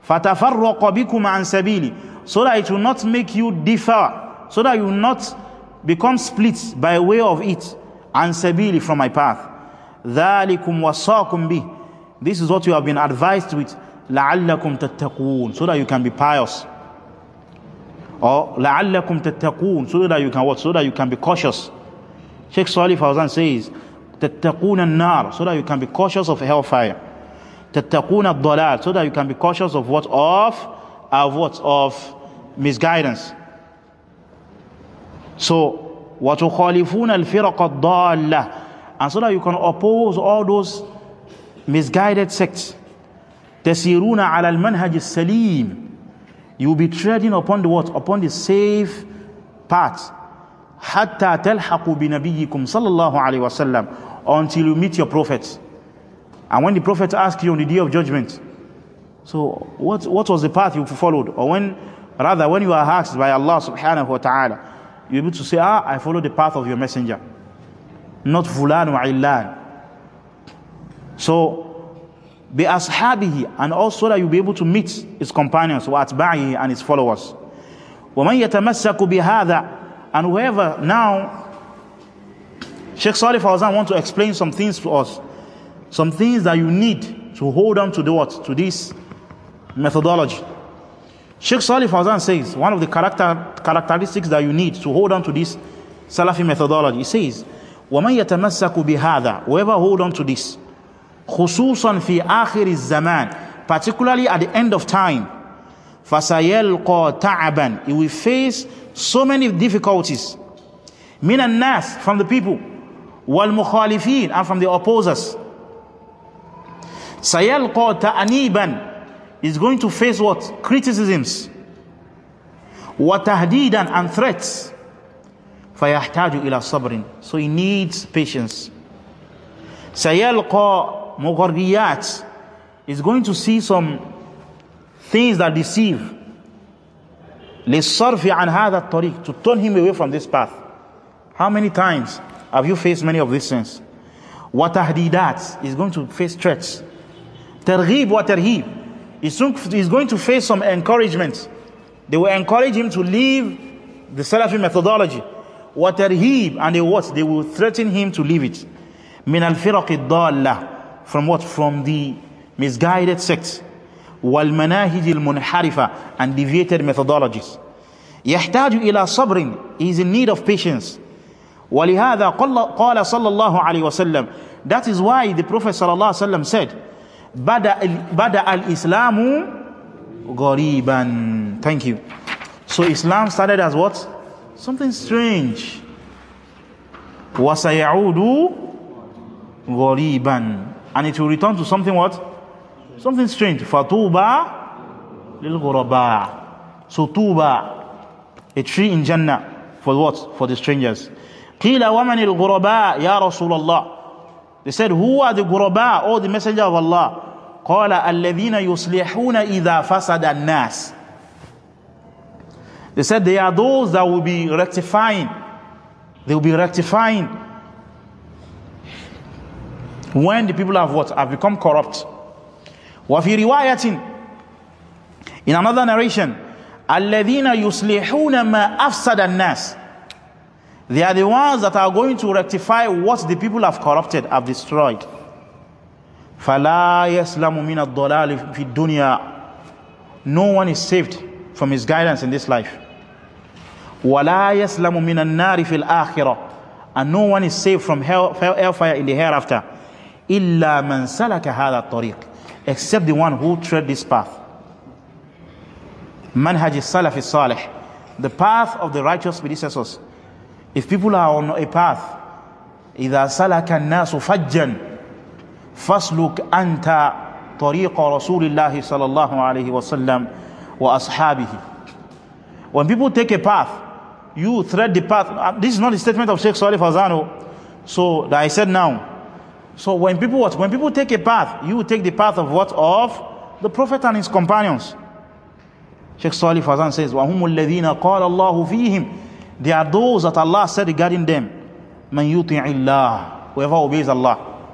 فَتَفَرَّقَ بِكُمْ عَنْ سَبِيلِ so that it will not make you differ so that you will not become split by way of it عَنْ سَبِيلِ from my path ذَلِكُمْ وَصَاكُمْ بِهِ this is what you have been advised with لَعَلَّكُمْ تَتَّقُونَ so that you can be pious or لَعَلَّكُمْ تَتَّقُونَ so that you can what so that you can be cautious Sheikh Salih Fawzan says تتقون النار so that you can be cautious of hellfire تتقون الضلال so that you can be cautious of what of of what of misguidance so وتخالفون الفرق الضالة and so that you can oppose all those misguided sects تسيرون على المنهج السليم as you will be treading upon the what upon the safe path حتى تلحقوا بنبيكم صلى الله عليه وسلم until you meet your prophet. And when the prophet asks you on the day of judgment, so what, what was the path you followed? Or when, rather, when you are asked by Allah subhanahu wa ta'ala, you're able to say, ah, I followed the path of your messenger. Not fulan wa illan. So, be ashabihi, and also that you'll be able to meet his companions, wa atba'ihi, and his followers. وَمَنْ يَتَمَسَّكُ بِهَذَا And whoever now Sheikh Salih Fawzan wants to explain some things to us. Some things that you need to hold on to the what? To this methodology. Sheikh Salih Fawzan says, one of the character, characteristics that you need to hold on to this Salafi methodology, he says, وَمَنْ يَتَمَسَّكُ بِهَذَا Whoever hold on to this, خُصُوصًا فِي آخِرِ الزَّمَانِ Particularly at the end of time, فَسَيَلْقَى تَعَبًا He will face so many difficulties. مِنَ النَّاسِ From the people wal mukhalifin and from the opposers. Sayalqa ta'aniban is going to face what? Criticisms. Wa tahdidan and threats. فَيَحْتَاجُ ila sabrin, So he needs patience. سَيَلْقَى مُغَرِّيَاتٍ Is going to see some things that deceive. لِلصَّرْفِ عَنْ هَذَا الطَّرِيقِ To turn him away from this path. How many times have you faced many of these things? Watahdidat is going to face threats. Terhib, wa terhib? is going to face some encouragement. They will encourage him to leave the Salafi methodology. What tarhib and they what? They will threaten him to leave it. Min al firaq From what? From the misguided sects. Wal manahij al munharifa and deviated methodologies. يحتاج إلى صبر. He is in need of patience. ولهذا قال صلى الله عليه وسلم that is why the prophet صلى الله عليه وسلم said بدا الاسلام غريبا thank you so islam started as what something strange وسيعود غريبا and it will return to something what something strange فطوبى للغرباء so tuba a tree in jannah for what for the strangers قيل ومن الغرباء يا رسول الله they said who are the غرباء or the messenger of Allah قال الذين يصلحون إذا فسد الناس they said they are those that will be rectifying they will be rectifying when the people have what have become corrupt وفي رواية in another narration الذين يصلحون ما أفسد الناس They are the ones that are going to rectify what the people have corrupted, have destroyed. فَلَا يَسْلَمُ مِنَ الضَّلَالِ فِي الدُّنْيَا No one is saved from his guidance in this life. وَلَا يَسْلَمُ مِنَ النَّارِ فِي الْآخِرَةِ And no one is saved from hell, hellfire in the hereafter. إِلَّا مَنْ سَلَكَ هَذَا الطَّرِيقِ Except the one who tread this path. مَنْهَجِ السَّلَفِ الصَّالِحِ The path of the righteous predecessors. If people are on a path, إِذَا سَلَكَ النَّاسُ فَجًّا فَاسْلُكْ أَنْتَ طَرِيقَ رَسُولِ اللَّهِ صَلَى اللَّهُ عَلَيْهِ وَسَلَّمْ وَأَصْحَابِهِ When people take a path, you thread the path. Uh, this is not a statement of Sheikh Salih Fazano. So that I said now. So when people what? When people take a path, you take the path of what? Of the Prophet and his companions. Sheikh Salih Fazan says, وَهُمُ الَّذِينَ قَالَ اللَّهُ فِيهِمْ they are those that Allah said regarding them, Man Allah whoever obeys Allah,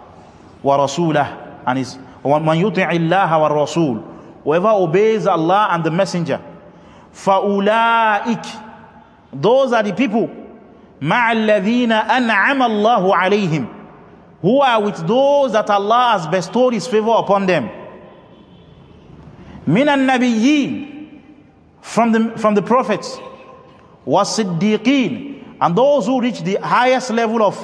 wa rasulah, and his, man yuti'illah wa rasul, whoever obeys Allah and the messenger, fa'ulaik, those are the people, ma'alladhina an'ama Allahu alayhim, who are with those that Allah has bestowed his favor upon them. an nabiyyin, from the, from the prophets, wasiddiqeen, and those who reach the highest level of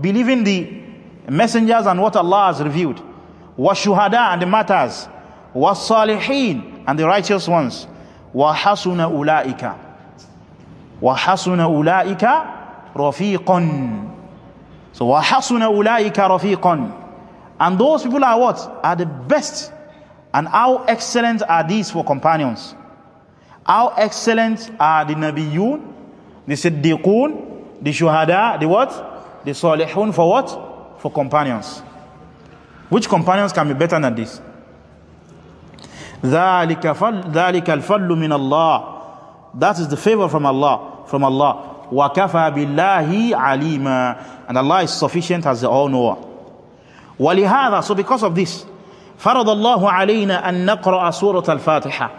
believing the messengers and what Allah has revealed, washuhada and the martyrs, wasalihin and the righteous ones, wahasuna ulaika, wahasuna ulaika rafiqan. So wahasuna ulaika rafiqan. And those people are what? Are the best. And how excellent are these for companions? How excellent are the Nabiyun, the Siddiqun, the Shuhada, the what? The Salihun for what? For companions. Which companions can be better than this? ذَلِكَ الْفَضْلُ مِنَ اللَّهِ That is the favor from Allah, from Allah. وَكَفَى بِاللَّهِ عَلِيمًا And Allah is sufficient as the all-knower. وَلِهَذَا So because of this, فَرَضَ اللَّهُ عَلَيْنَا أَن نَقْرَأَ سُورَةَ الْفَاتِحَةِ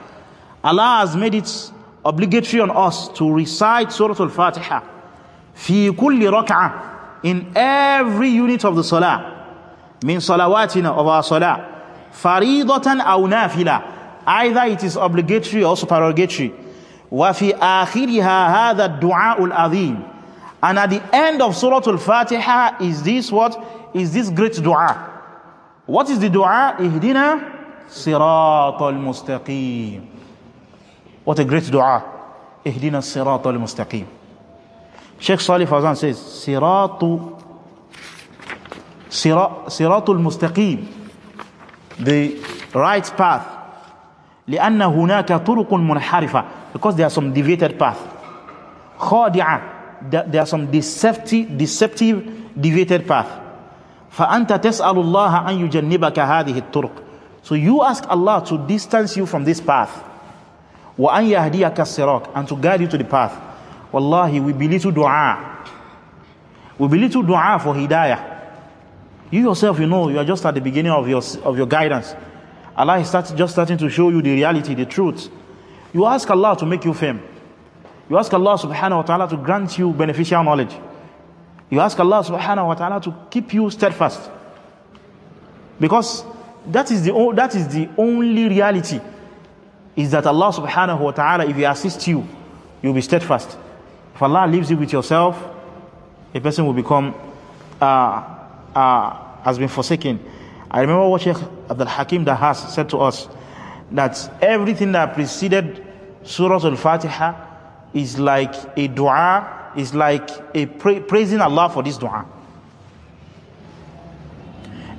Allah has made it obligatory on us to recite Surah Al-Fatiha fi kulli raka'ah in every unit of the salah min salawatina of our salah faridatan aw nafila either it is obligatory or supererogatory wa fi akhiriha hadha ad-du'a al-azim and at the end of Surah Al-Fatiha is this what is this great dua what is the dua ihdina siratal mustaqim what a great dua. Ihdina siratul mustaqim. Sheikh Salih Fazan says, Siratu, siratul mustaqim. The right path. لأن هناك طرق منحرفة because there are some deviated path خادعة there are some deceptive, deceptive deviated path فأنت تسأل الله أن يجنبك هذه الطرق so you ask Allah to distance you from this path wa an yahdiyaka sirat and to guide you to the path wallahi we be little dua we be little dua for hidayah you yourself you know you are just at the beginning of your of your guidance allah is start, just starting to show you the reality the truth you ask allah to make you firm you ask allah subhanahu wa ta'ala to grant you beneficial knowledge you ask allah subhanahu wa ta'ala to keep you steadfast because that is the that is the only reality is that Allah subhanahu wa ta'ala, if He assists you, you'll be steadfast. If Allah leaves you with yourself, a person will become, uh, uh, has been forsaken. I remember what Sheikh Abdul Hakim Dahas said to us, that everything that preceded Surah Al-Fatiha is like a dua, is like a pra praising Allah for this dua.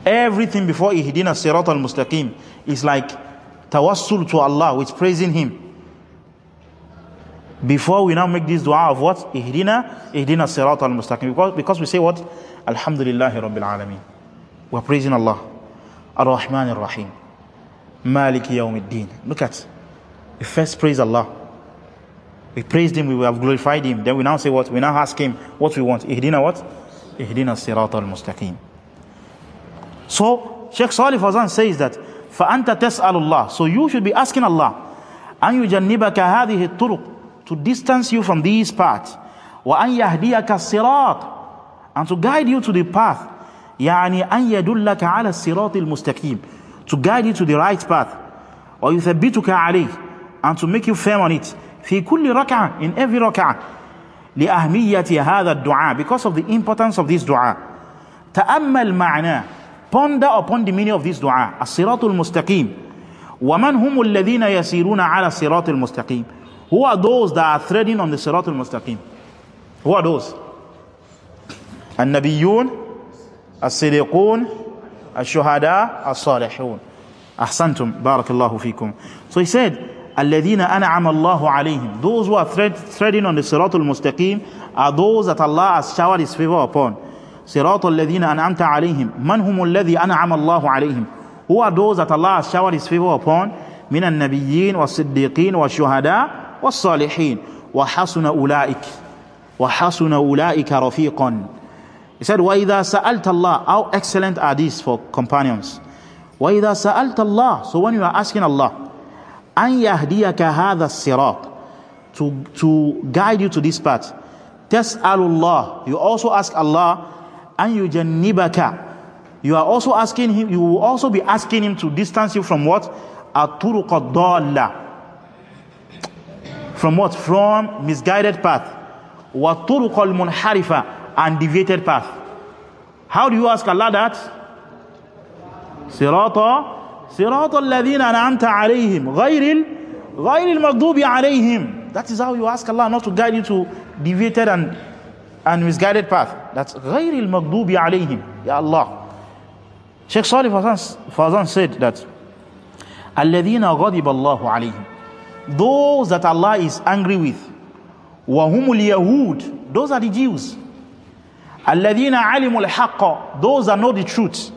Everything before Ihdina Sirat al-Mustaqim is like tawassul to Allah with praising Him. Before we now make this dua of what? Ihdina, Ihdina Sirat al Mustaqim. Because, because we say what? Alhamdulillah Rabbil Alameen. We're praising Allah. Ar Rahman Ar Rahim. Maliki Yawmiddin. Look at. We first praise Allah. We praised Him, we have glorified Him. Then we now say what? We now ask Him what we want. Ihdina what? Ihdina Sirat al Mustaqim. So, Sheikh Salih Fazan says that فأنت تسأل الله. So you should be asking Allah أن يجنبك هذه الطرق to distance you from these paths وأن يهديك الصراط and to guide you to the path يعني أن يدلك على الصراط المستقيم to guide you to the right path ويثبتك عليه and to make you firm on it في كل ركعة in every ركعة لأهمية هذا الدعاء because of the importance of this دعاء تأمل معناه ponder upon the meaning of this dua as-siratul mustaqim وَمَنْ هُمُ الَّذِينَ يَسِيرُونَ عَلَى الصِّرَاطِ الْمُسْتَقِيمِ Who are those that are threading on the Siratul Mustaqim? Who are those? النبيون الصديقون الشهداء الصالحون أحسنتم بارك الله فيكم So he said الَّذِينَ أَنَعَمَ اللَّهُ عَلَيْهِمْ Those who are thread, threading on the Siratul Mustaqim are those that Allah has showered His favor upon صراط الذين أنعمت عليهم من هم الذي أنعم الله عليهم who are those that Allah has showered his favor upon من النبيين والصديقين والشهداء والصالحين وحسن أولئك وحسن أولئك رفيقا He said وإذا سألت الله how excellent are these for companions وإذا سألت الله so when you are asking Allah أن يهديك هذا الصراط to, to guide you to this path تسأل الله you also ask Allah an yujannibaka you are also asking him you will also be asking him to distance you from what at-turuq ad from what from misguided path wa turuq al-munharifa and deviated path how do you ask Allah that sirata sirata alladhina an'amta alayhim ghayril ghayril maghdubi alayhim that is how you ask Allah not to guide you to deviated and and misguided path. That's غَيْرِ الْمَغْضُوبِ عَلَيْهِمْ Ya Allah. Sheikh Salih Fazan, said that الَّذِينَ غَضِبَ اللَّهُ عَلَيْهِمْ Those that Allah is angry with وَهُمُ الْيَهُودِ Those are the Jews. الَّذِينَ عَلِمُوا الْحَقَّ Those that know the truth.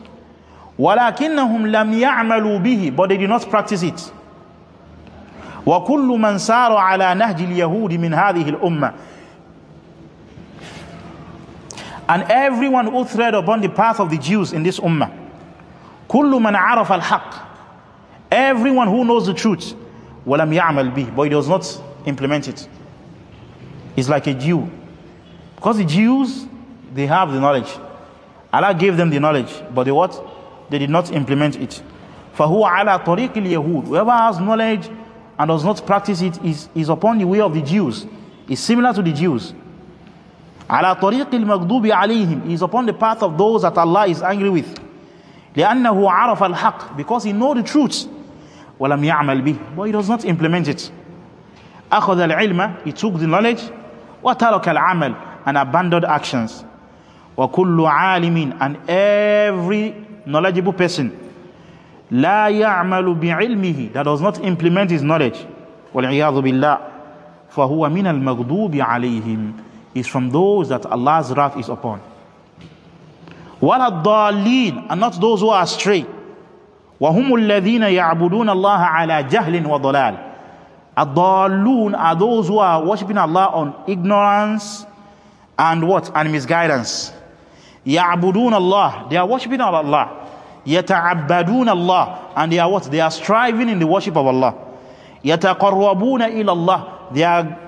وَلَكِنَّهُمْ لَمْ يَعْمَلُوا بِهِ But they did not practice it. وَكُلُّ مَنْ سَارَ عَلَى نَهْجِ الْيَهُودِ مِنْ هَذِهِ الْأُمَّةِ and everyone who tread upon the path of the Jews in this ummah. man araf al-haq, Everyone who knows the truth ولم yamal bi, but he does not implement it. He's like a Jew. Because the Jews, they have the knowledge. Allah gave them the knowledge, but they what? They did not implement it. فَهُوَ عَلَى طَرِيقِ الْيَهُودِ Whoever has knowledge and does not practice it is, is upon the way of the Jews. Is similar to the Jews. على طريق المغضوب عليهم he is upon the path of those that Allah is angry with لأنه عرف الحق because he know the truth ولم يعمل به but he does not implement it أخذ العلم he took the knowledge وترك العمل and abandoned actions وكل عالم and every knowledgeable person لا يعمل بعلمه that does not implement his knowledge والعياذ بالله فهو من المغضوب عليهم is from those that Allah's wrath is upon. وَلَا And not those who are astray. وَهُمُ الَّذِينَ يَعْبُدُونَ اللَّهَ عَلَى جَهْلٍ وَضَلَالٍ Adalun are those who are worshipping Allah on ignorance and what? And misguidance. Ya'budun Allah. They are worshipping Allah. Yata'abbadun Allah. And they are what? They are striving in the worship of Allah. Yataqarrabuna ila Allah. They are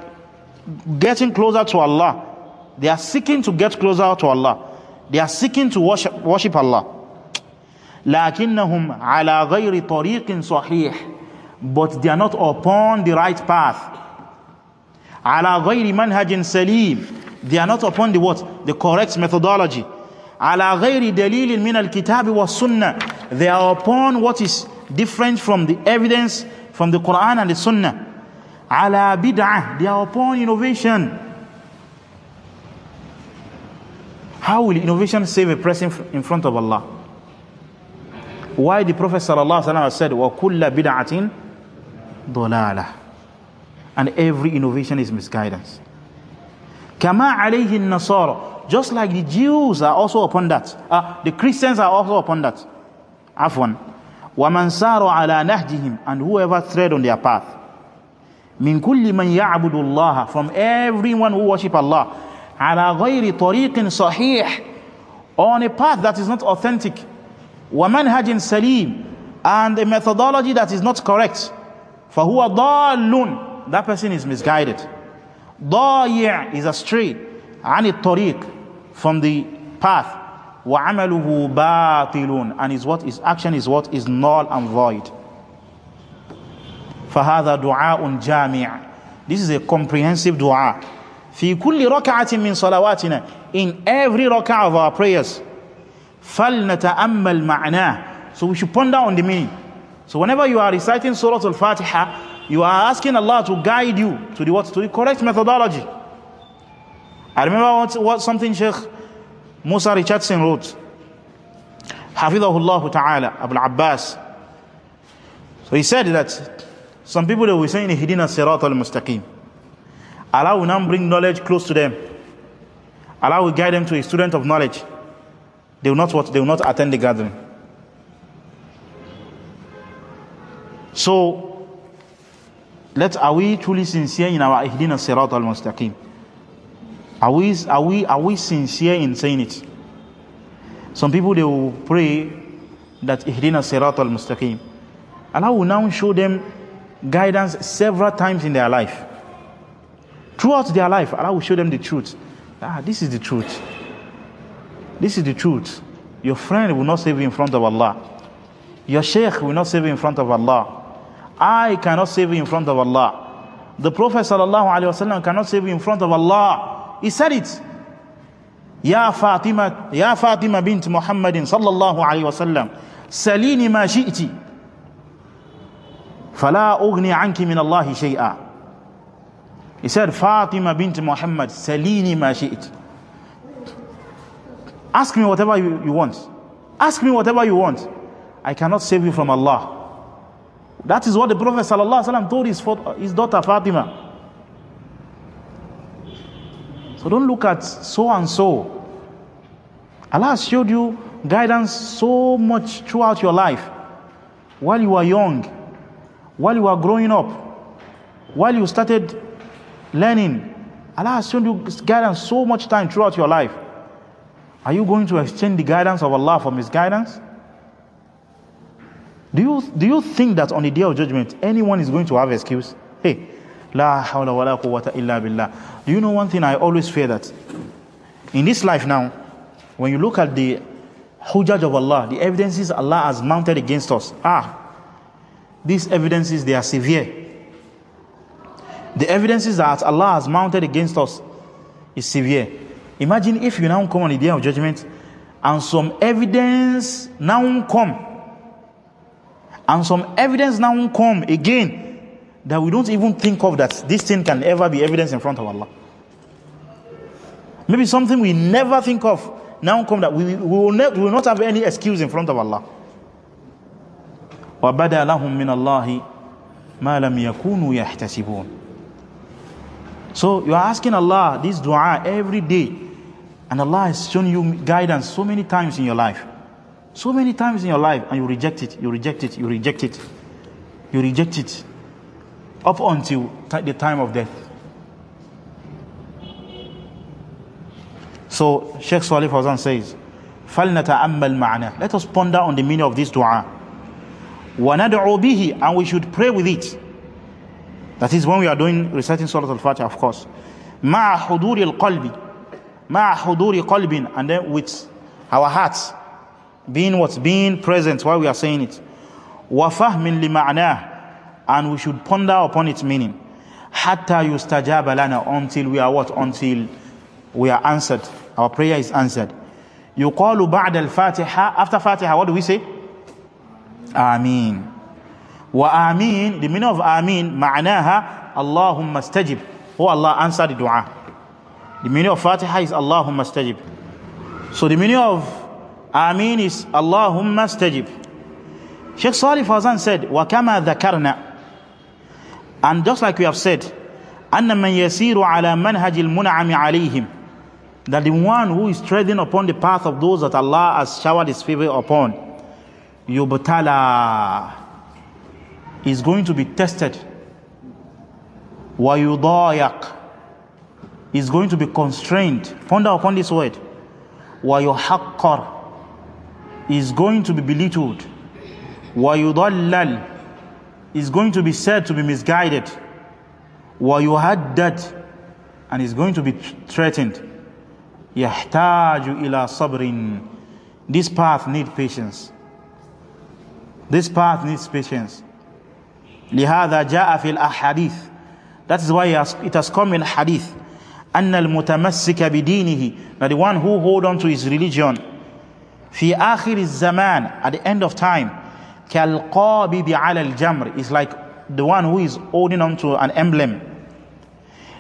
getting closer to Allah. They are seeking to get closer to Allah. They are seeking to worship, worship Allah. لَكِنَّهُمْ عَلَى غَيْرِ طَرِيقٍ صَحِيحٍ But they are not upon the right path. عَلَى غَيْرِ مَنْهَجٍ سَلِيمٍ They are not upon the what? The correct methodology. عَلَى غَيْرِ دَلِيلٍ مِنَ الْكِتَابِ وَالسُّنَّةِ They are upon what is different from the evidence from the Quran and the Sunnah ala bid'ah, they are upon innovation. How will innovation save a person in front of Allah? Why the Prophet ﷺ said, وَكُلَّ بِدْعَةٍ ضَلَالَةٍ And every innovation is misguidance. كَمَا عَلَيْهِ النَّصَارَ Just like the Jews are also upon that. Uh, the Christians are also upon that. Afwan. وَمَنْ سَارَ عَلَى نَهْجِهِمْ And whoever tread on their path min kulli man ya'budu Allah from everyone who worship Allah ala ghayri tariqin sahih on a path that is not authentic wa manhajin salim and a methodology that is not correct fahuwa dallun that person is misguided dayi' is astray ani tariq from the path wa amaluhu batilun and is what his action is what is null and void فهذا دعاء جامع this is a comprehensive dua في كل ركعة من صلواتنا in every ركعة of our prayers فلنتأمل معناه so we should ponder on the meaning so whenever you are reciting Surah Al-Fatiha you are asking Allah to guide you to the what to the correct methodology I remember what, what something Sheikh Musa Richardson wrote حفظه الله تعالى Abu Abbas so he said that Some people they will say in Hidina Sirat al-Mustaqim. Allah will now bring knowledge close to them. Allah will guide them to a student of knowledge. They will not what they will not attend the gathering. So let us are we truly sincere in our Ihdina Sirat al-Mustaqim? Are we, are, we, are we sincere in saying it? Some people they will pray that Ihdina Sirat al-Mustaqim. Allah will now show them guidance several times in their life. Throughout their life, Allah will show them the truth. Ah, this is the truth. This is the truth. Your friend will not save you in front of Allah. Your sheikh will not save you in front of Allah. I cannot save you in front of Allah. The Prophet sallallahu wasallam cannot save you in front of Allah. He said it. Ya Fatima, Ya Fatima bint Muhammadin sallallahu alayhi wasallam. sallam, salini ma shi'ti. فَلَا أُغْنِي عَنْكِ مِنَ اللَّهِ شَيْئًا He said, Fatima bint Muhammad, Salini ma shi'it. Ask me whatever you, you want. Ask me whatever you want. I cannot save you from Allah. That is what the Prophet ﷺ told his, his daughter Fatima. So don't look at so and so. Allah showed you guidance so much throughout your life while you were young while you were growing up, while you started learning, Allah has shown you guidance so much time throughout your life. Are you going to exchange the guidance of Allah for misguidance? Do you, do you think that on the day of judgment, anyone is going to have excuse? Hey, la hawla wa la quwwata illa billah. Do you know one thing I always fear that? In this life now, when you look at the hujjaj of Allah, the evidences Allah has mounted against us, ah, these evidences, they are severe. The evidences that Allah has mounted against us is severe. Imagine if you now come on the day of judgment and some evidence now come and some evidence now come again that we don't even think of that this thing can ever be evidence in front of Allah. Maybe something we never think of now come that we, we, will, ne- we will not have any excuse in front of Allah so you are asking Allah this dua every day and Allah has shown you guidance so many times in your life so many times in your life and you reject it you reject it you reject it you reject it up until the time of death so Sheikh Salih Fawzan says فَلْنَتَأَمَّلْ مَعْنَا let us ponder on the meaning of this dua وَنَدْعُوا بِهِ And we should pray with it. That is when we are doing reciting Surah Al-Fatiha, of course. مَعَ حُضُورِ الْقَلْبِ مَعَ حُضُورِ قَلْبٍ And then with our hearts being what's being present while we are saying it. وَفَهْمٍ لِمَعْنَاهِ And we should ponder upon its meaning. حَتَّى يُسْتَجَابَ لَنَا Until we are what? Until we are answered. Our prayer is answered. يُقَالُ بَعْدَ الْفَاتِحَةِ After Fatiha, what do we say? Ameen. Wa Ameen, the meaning of Ameen, ma'anaha, Allahumma stajib. Oh Allah, answer the dua. The meaning of Fatiha is Allahumma stajib. So the meaning of Ameen is Allahumma stajib. Sheikh Salih Fazan said, wa kama dhakarna. And just like we have said, anna man yasiru ala manhajil mun'ami alayhim. That the one who is treading upon the path of those that Allah has showered his favor upon, yubtala is going to be tested wa yudayak is going to be constrained ponder upon this word wa yuhaqqar is going to be belittled wa yudallal is going to be said to be misguided wa yuhaddad and is going to be threatened yahtaju ila sabrin this path need patience this path needs patience. لهذا جاء في الأحاديث That is why it has come in hadith أن المتمسك بدينه Now the one who hold on to his religion في آخر الزمان At the end of time كالْقَابِي بِعَلَى الجمر Is like the one who is holding on to an emblem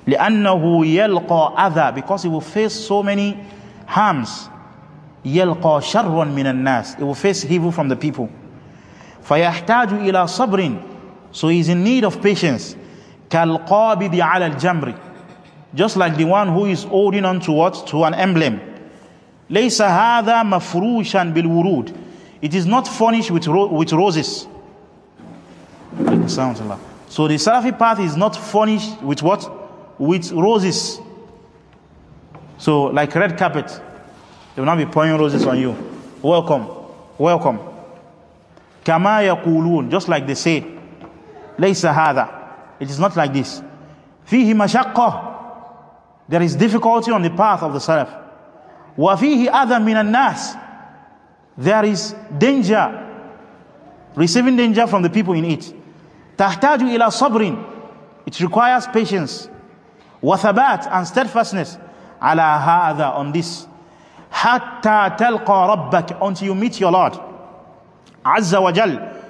لأنه يلقى أذى Because he will face so many harms يلقى شر من الناس He will face evil from the people فَيَحْتَاجُ ila صَبْرٍ So he's in need of patience. كَالْقَابِدِ عَلَى الْجَمْرِ Just like the one who is holding on to what? To an emblem. لَيْسَ هَذَا مَفْرُوشًا بِالْوُرُودِ It is not furnished with, ro with roses. So the Salafi path is not furnished with what? With roses. So like red carpet, they will not be pouring roses on you. Welcome. Welcome kama kulun, just like they say sa hada. it is not like this fihi mashaqqa there is difficulty on the path of the salaf wa fihi adha min nas there is danger receiving danger from the people in it Tahtajul ila sabrin it requires patience wathabat and steadfastness ala hada on this hatta talqa rabbak until you meet your lord Azza wa Jal,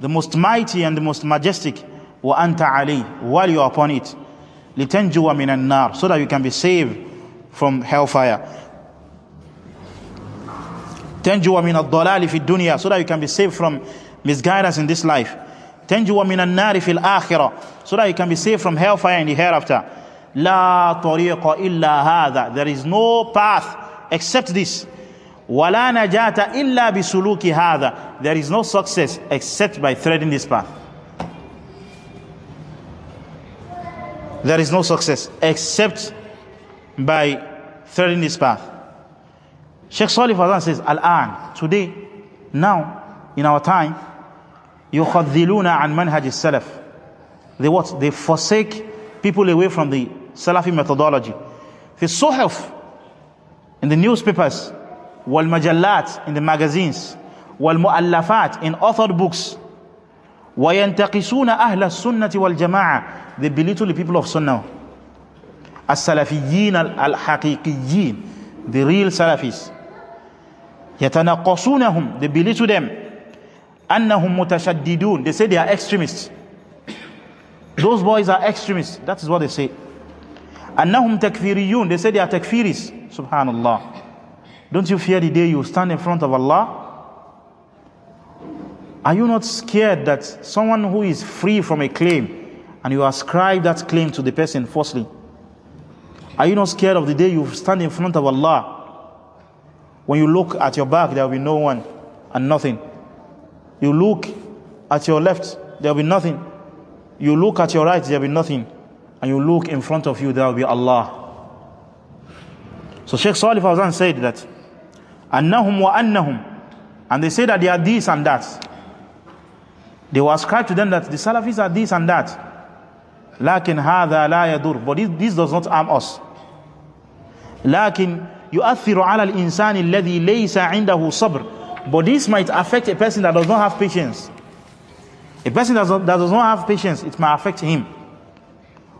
the most mighty and the most majestic, wa anta ali, while you are upon it, litanjuwa minan nar, so that you can be saved from hellfire. Tanjuwa min ad-dalali fi dunya, so that you can be saved from misguidance in this life. Tanjuwa min an-nar fi al-akhirah, so that you can be saved from hellfire in the hereafter. La tariqa illa hadha, there is no path except this wala najata illa bisuluki hadha there is no success except by threading this path there is no success except by threading this path Sheikh Salih Fazan says al-an today now in our time yukhadhiluna an manhaj salaf they what they forsake people away from the salafi methodology the suhuf in the newspapers والمجلات in the magazines والمؤلفات in authored books وينتقصون أهل السنة والجماعة the belittle the people of sunnah السلفيين الحقيقيين the real salafis يتنقصونهم they belittle them أنهم متشددون they say they are extremists those boys are extremists that is what they say أنهم تكفيريون they say they are تكفيريس سبحان الله Don't you fear the day you stand in front of Allah? Are you not scared that someone who is free from a claim and you ascribe that claim to the person falsely? Are you not scared of the day you stand in front of Allah? When you look at your back, there will be no one and nothing. You look at your left, there will be nothing. You look at your right, there will be nothing. And you look in front of you, there will be Allah. So Sheikh Salih Fawzan said that annahum wa annahum and they say that they are this and that they were ascribe to them that the salafis are this and that lakin hadha la yadur but this, this does not harm us lakin yu'athiru ala al-insani alladhi laysa 'indahu sabr but this might affect a person that does not have patience a person that does not, that does not have patience it might affect him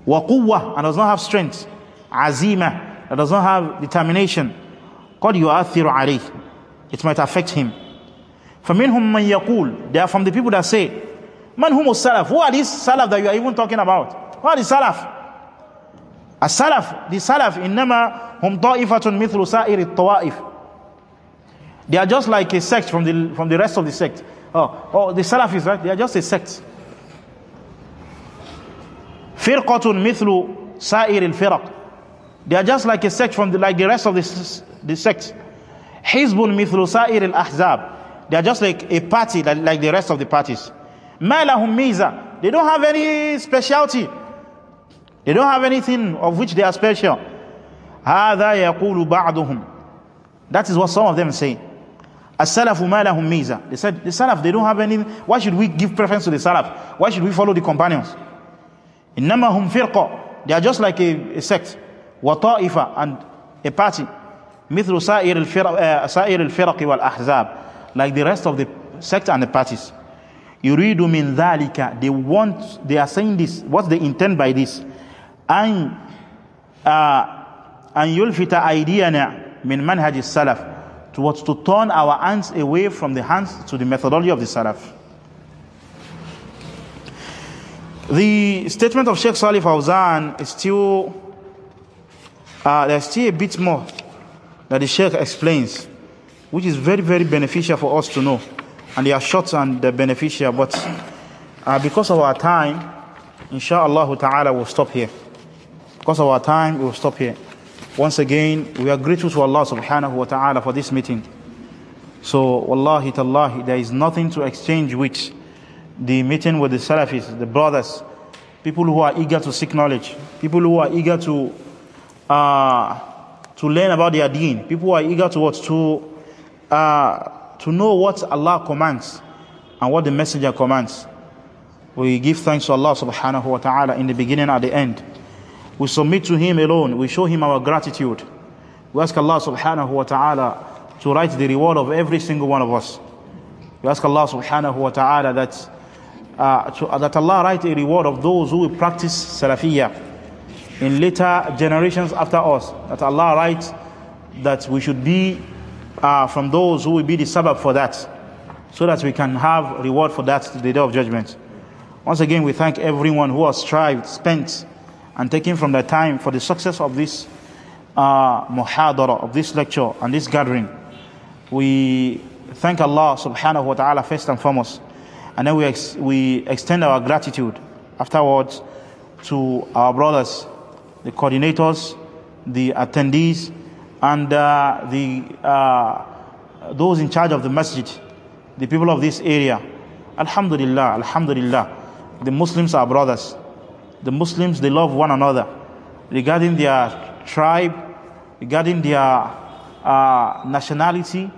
wa quwwah and does not have strength azima that does not have determination قد يؤثر عليه it might affect him فمنهم من يقول they are from the people that say man hum salaf who are these salaf that you are even talking about who are the salaf A salaf the salaf innama hum ta'ifatun mithlu sa'ir at-ta'if they are just like a sect from the from the rest of the sect oh oh the salaf is right they are just a sect firqatun mithlu sa'ir al-firaq they are just like a sect from the, like the rest of the the sect. Hizbun mithlu sa'ir al-ahzab. They are just like a party like, the rest of the parties. Malahum miza. They don't have any specialty. They don't have anything of which they are special. هَذَا يَقُولُ بَعْضُهُمْ That is what some of them say. As-salafu malahum miza. They said, the salaf, they don't have any, why should we give preference to the salaf? Why should we follow the companions? إِنَّمَا هُمْ فِرْقَ They are just like a, a sect. وَطَائِفَ And a party. مثل سائر الفرق, سائر الفرق والأحزاب like the rest of the sect and the parties يريد من ذلك they want they are saying this what's the intent by this أن أن يلفت أيدينا من منهج السلف towards to turn our hands away from the hands to the methodology of the Salaf. The statement of Sheikh Salih Fawzan is still, uh, there's still a bit more that the Sheikh explains, which is very, very beneficial for us to know. And they are short and they're beneficial, but uh, because of our time, inshallah ta'ala, we'll stop here. Because of our time, we'll stop here. Once again, we are grateful to Allah subhanahu wa ta'ala for this meeting. So, wallahi tallahi, there is nothing to exchange with the meeting with the Salafis, the brothers, people who are eager to seek knowledge, people who are eager to uh, to learn about their deen. People are eager to what? To, uh, to know what Allah commands and what the messenger commands. We give thanks to Allah subhanahu wa ta'ala in the beginning and the end. We submit to Him alone. We show Him our gratitude. We ask Allah subhanahu wa ta'ala to write the reward of every single one of us. We ask Allah subhanahu wa ta'ala that, uh, to, that Allah write a reward of those who practice salafiyah in later generations after us that Allah writes that we should be uh, from those who will be the sabab for that so that we can have reward for that the day of judgment once again we thank everyone who has strived spent and taken from their time for the success of this uh, muhadara of this lecture and this gathering we thank Allah subhanahu wa ta'ala first and foremost and then we, ex we extend our gratitude afterwards to our brothers the coordinators, the attendees, and uh, the uh, those in charge of the masjid, the people of this area. Alhamdulillah, Alhamdulillah. The Muslims are brothers. The Muslims, they love one another. Regarding their tribe, regarding their uh, nationality,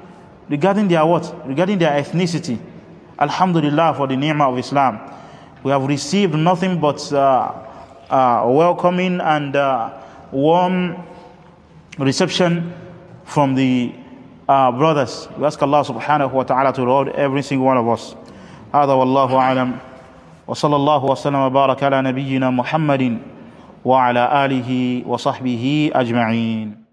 regarding their what? Regarding their ethnicity. Alhamdulillah for the name of Islam. We have received nothing but uh, welcoming and uh, warm reception from the uh, brothers. We ask Allah subhanahu wa ta'ala to reward every single one of us. هذا والله أعلم وصلى الله وسلم وبارك على نبينا محمد وعلى آله وصحبه أجمعين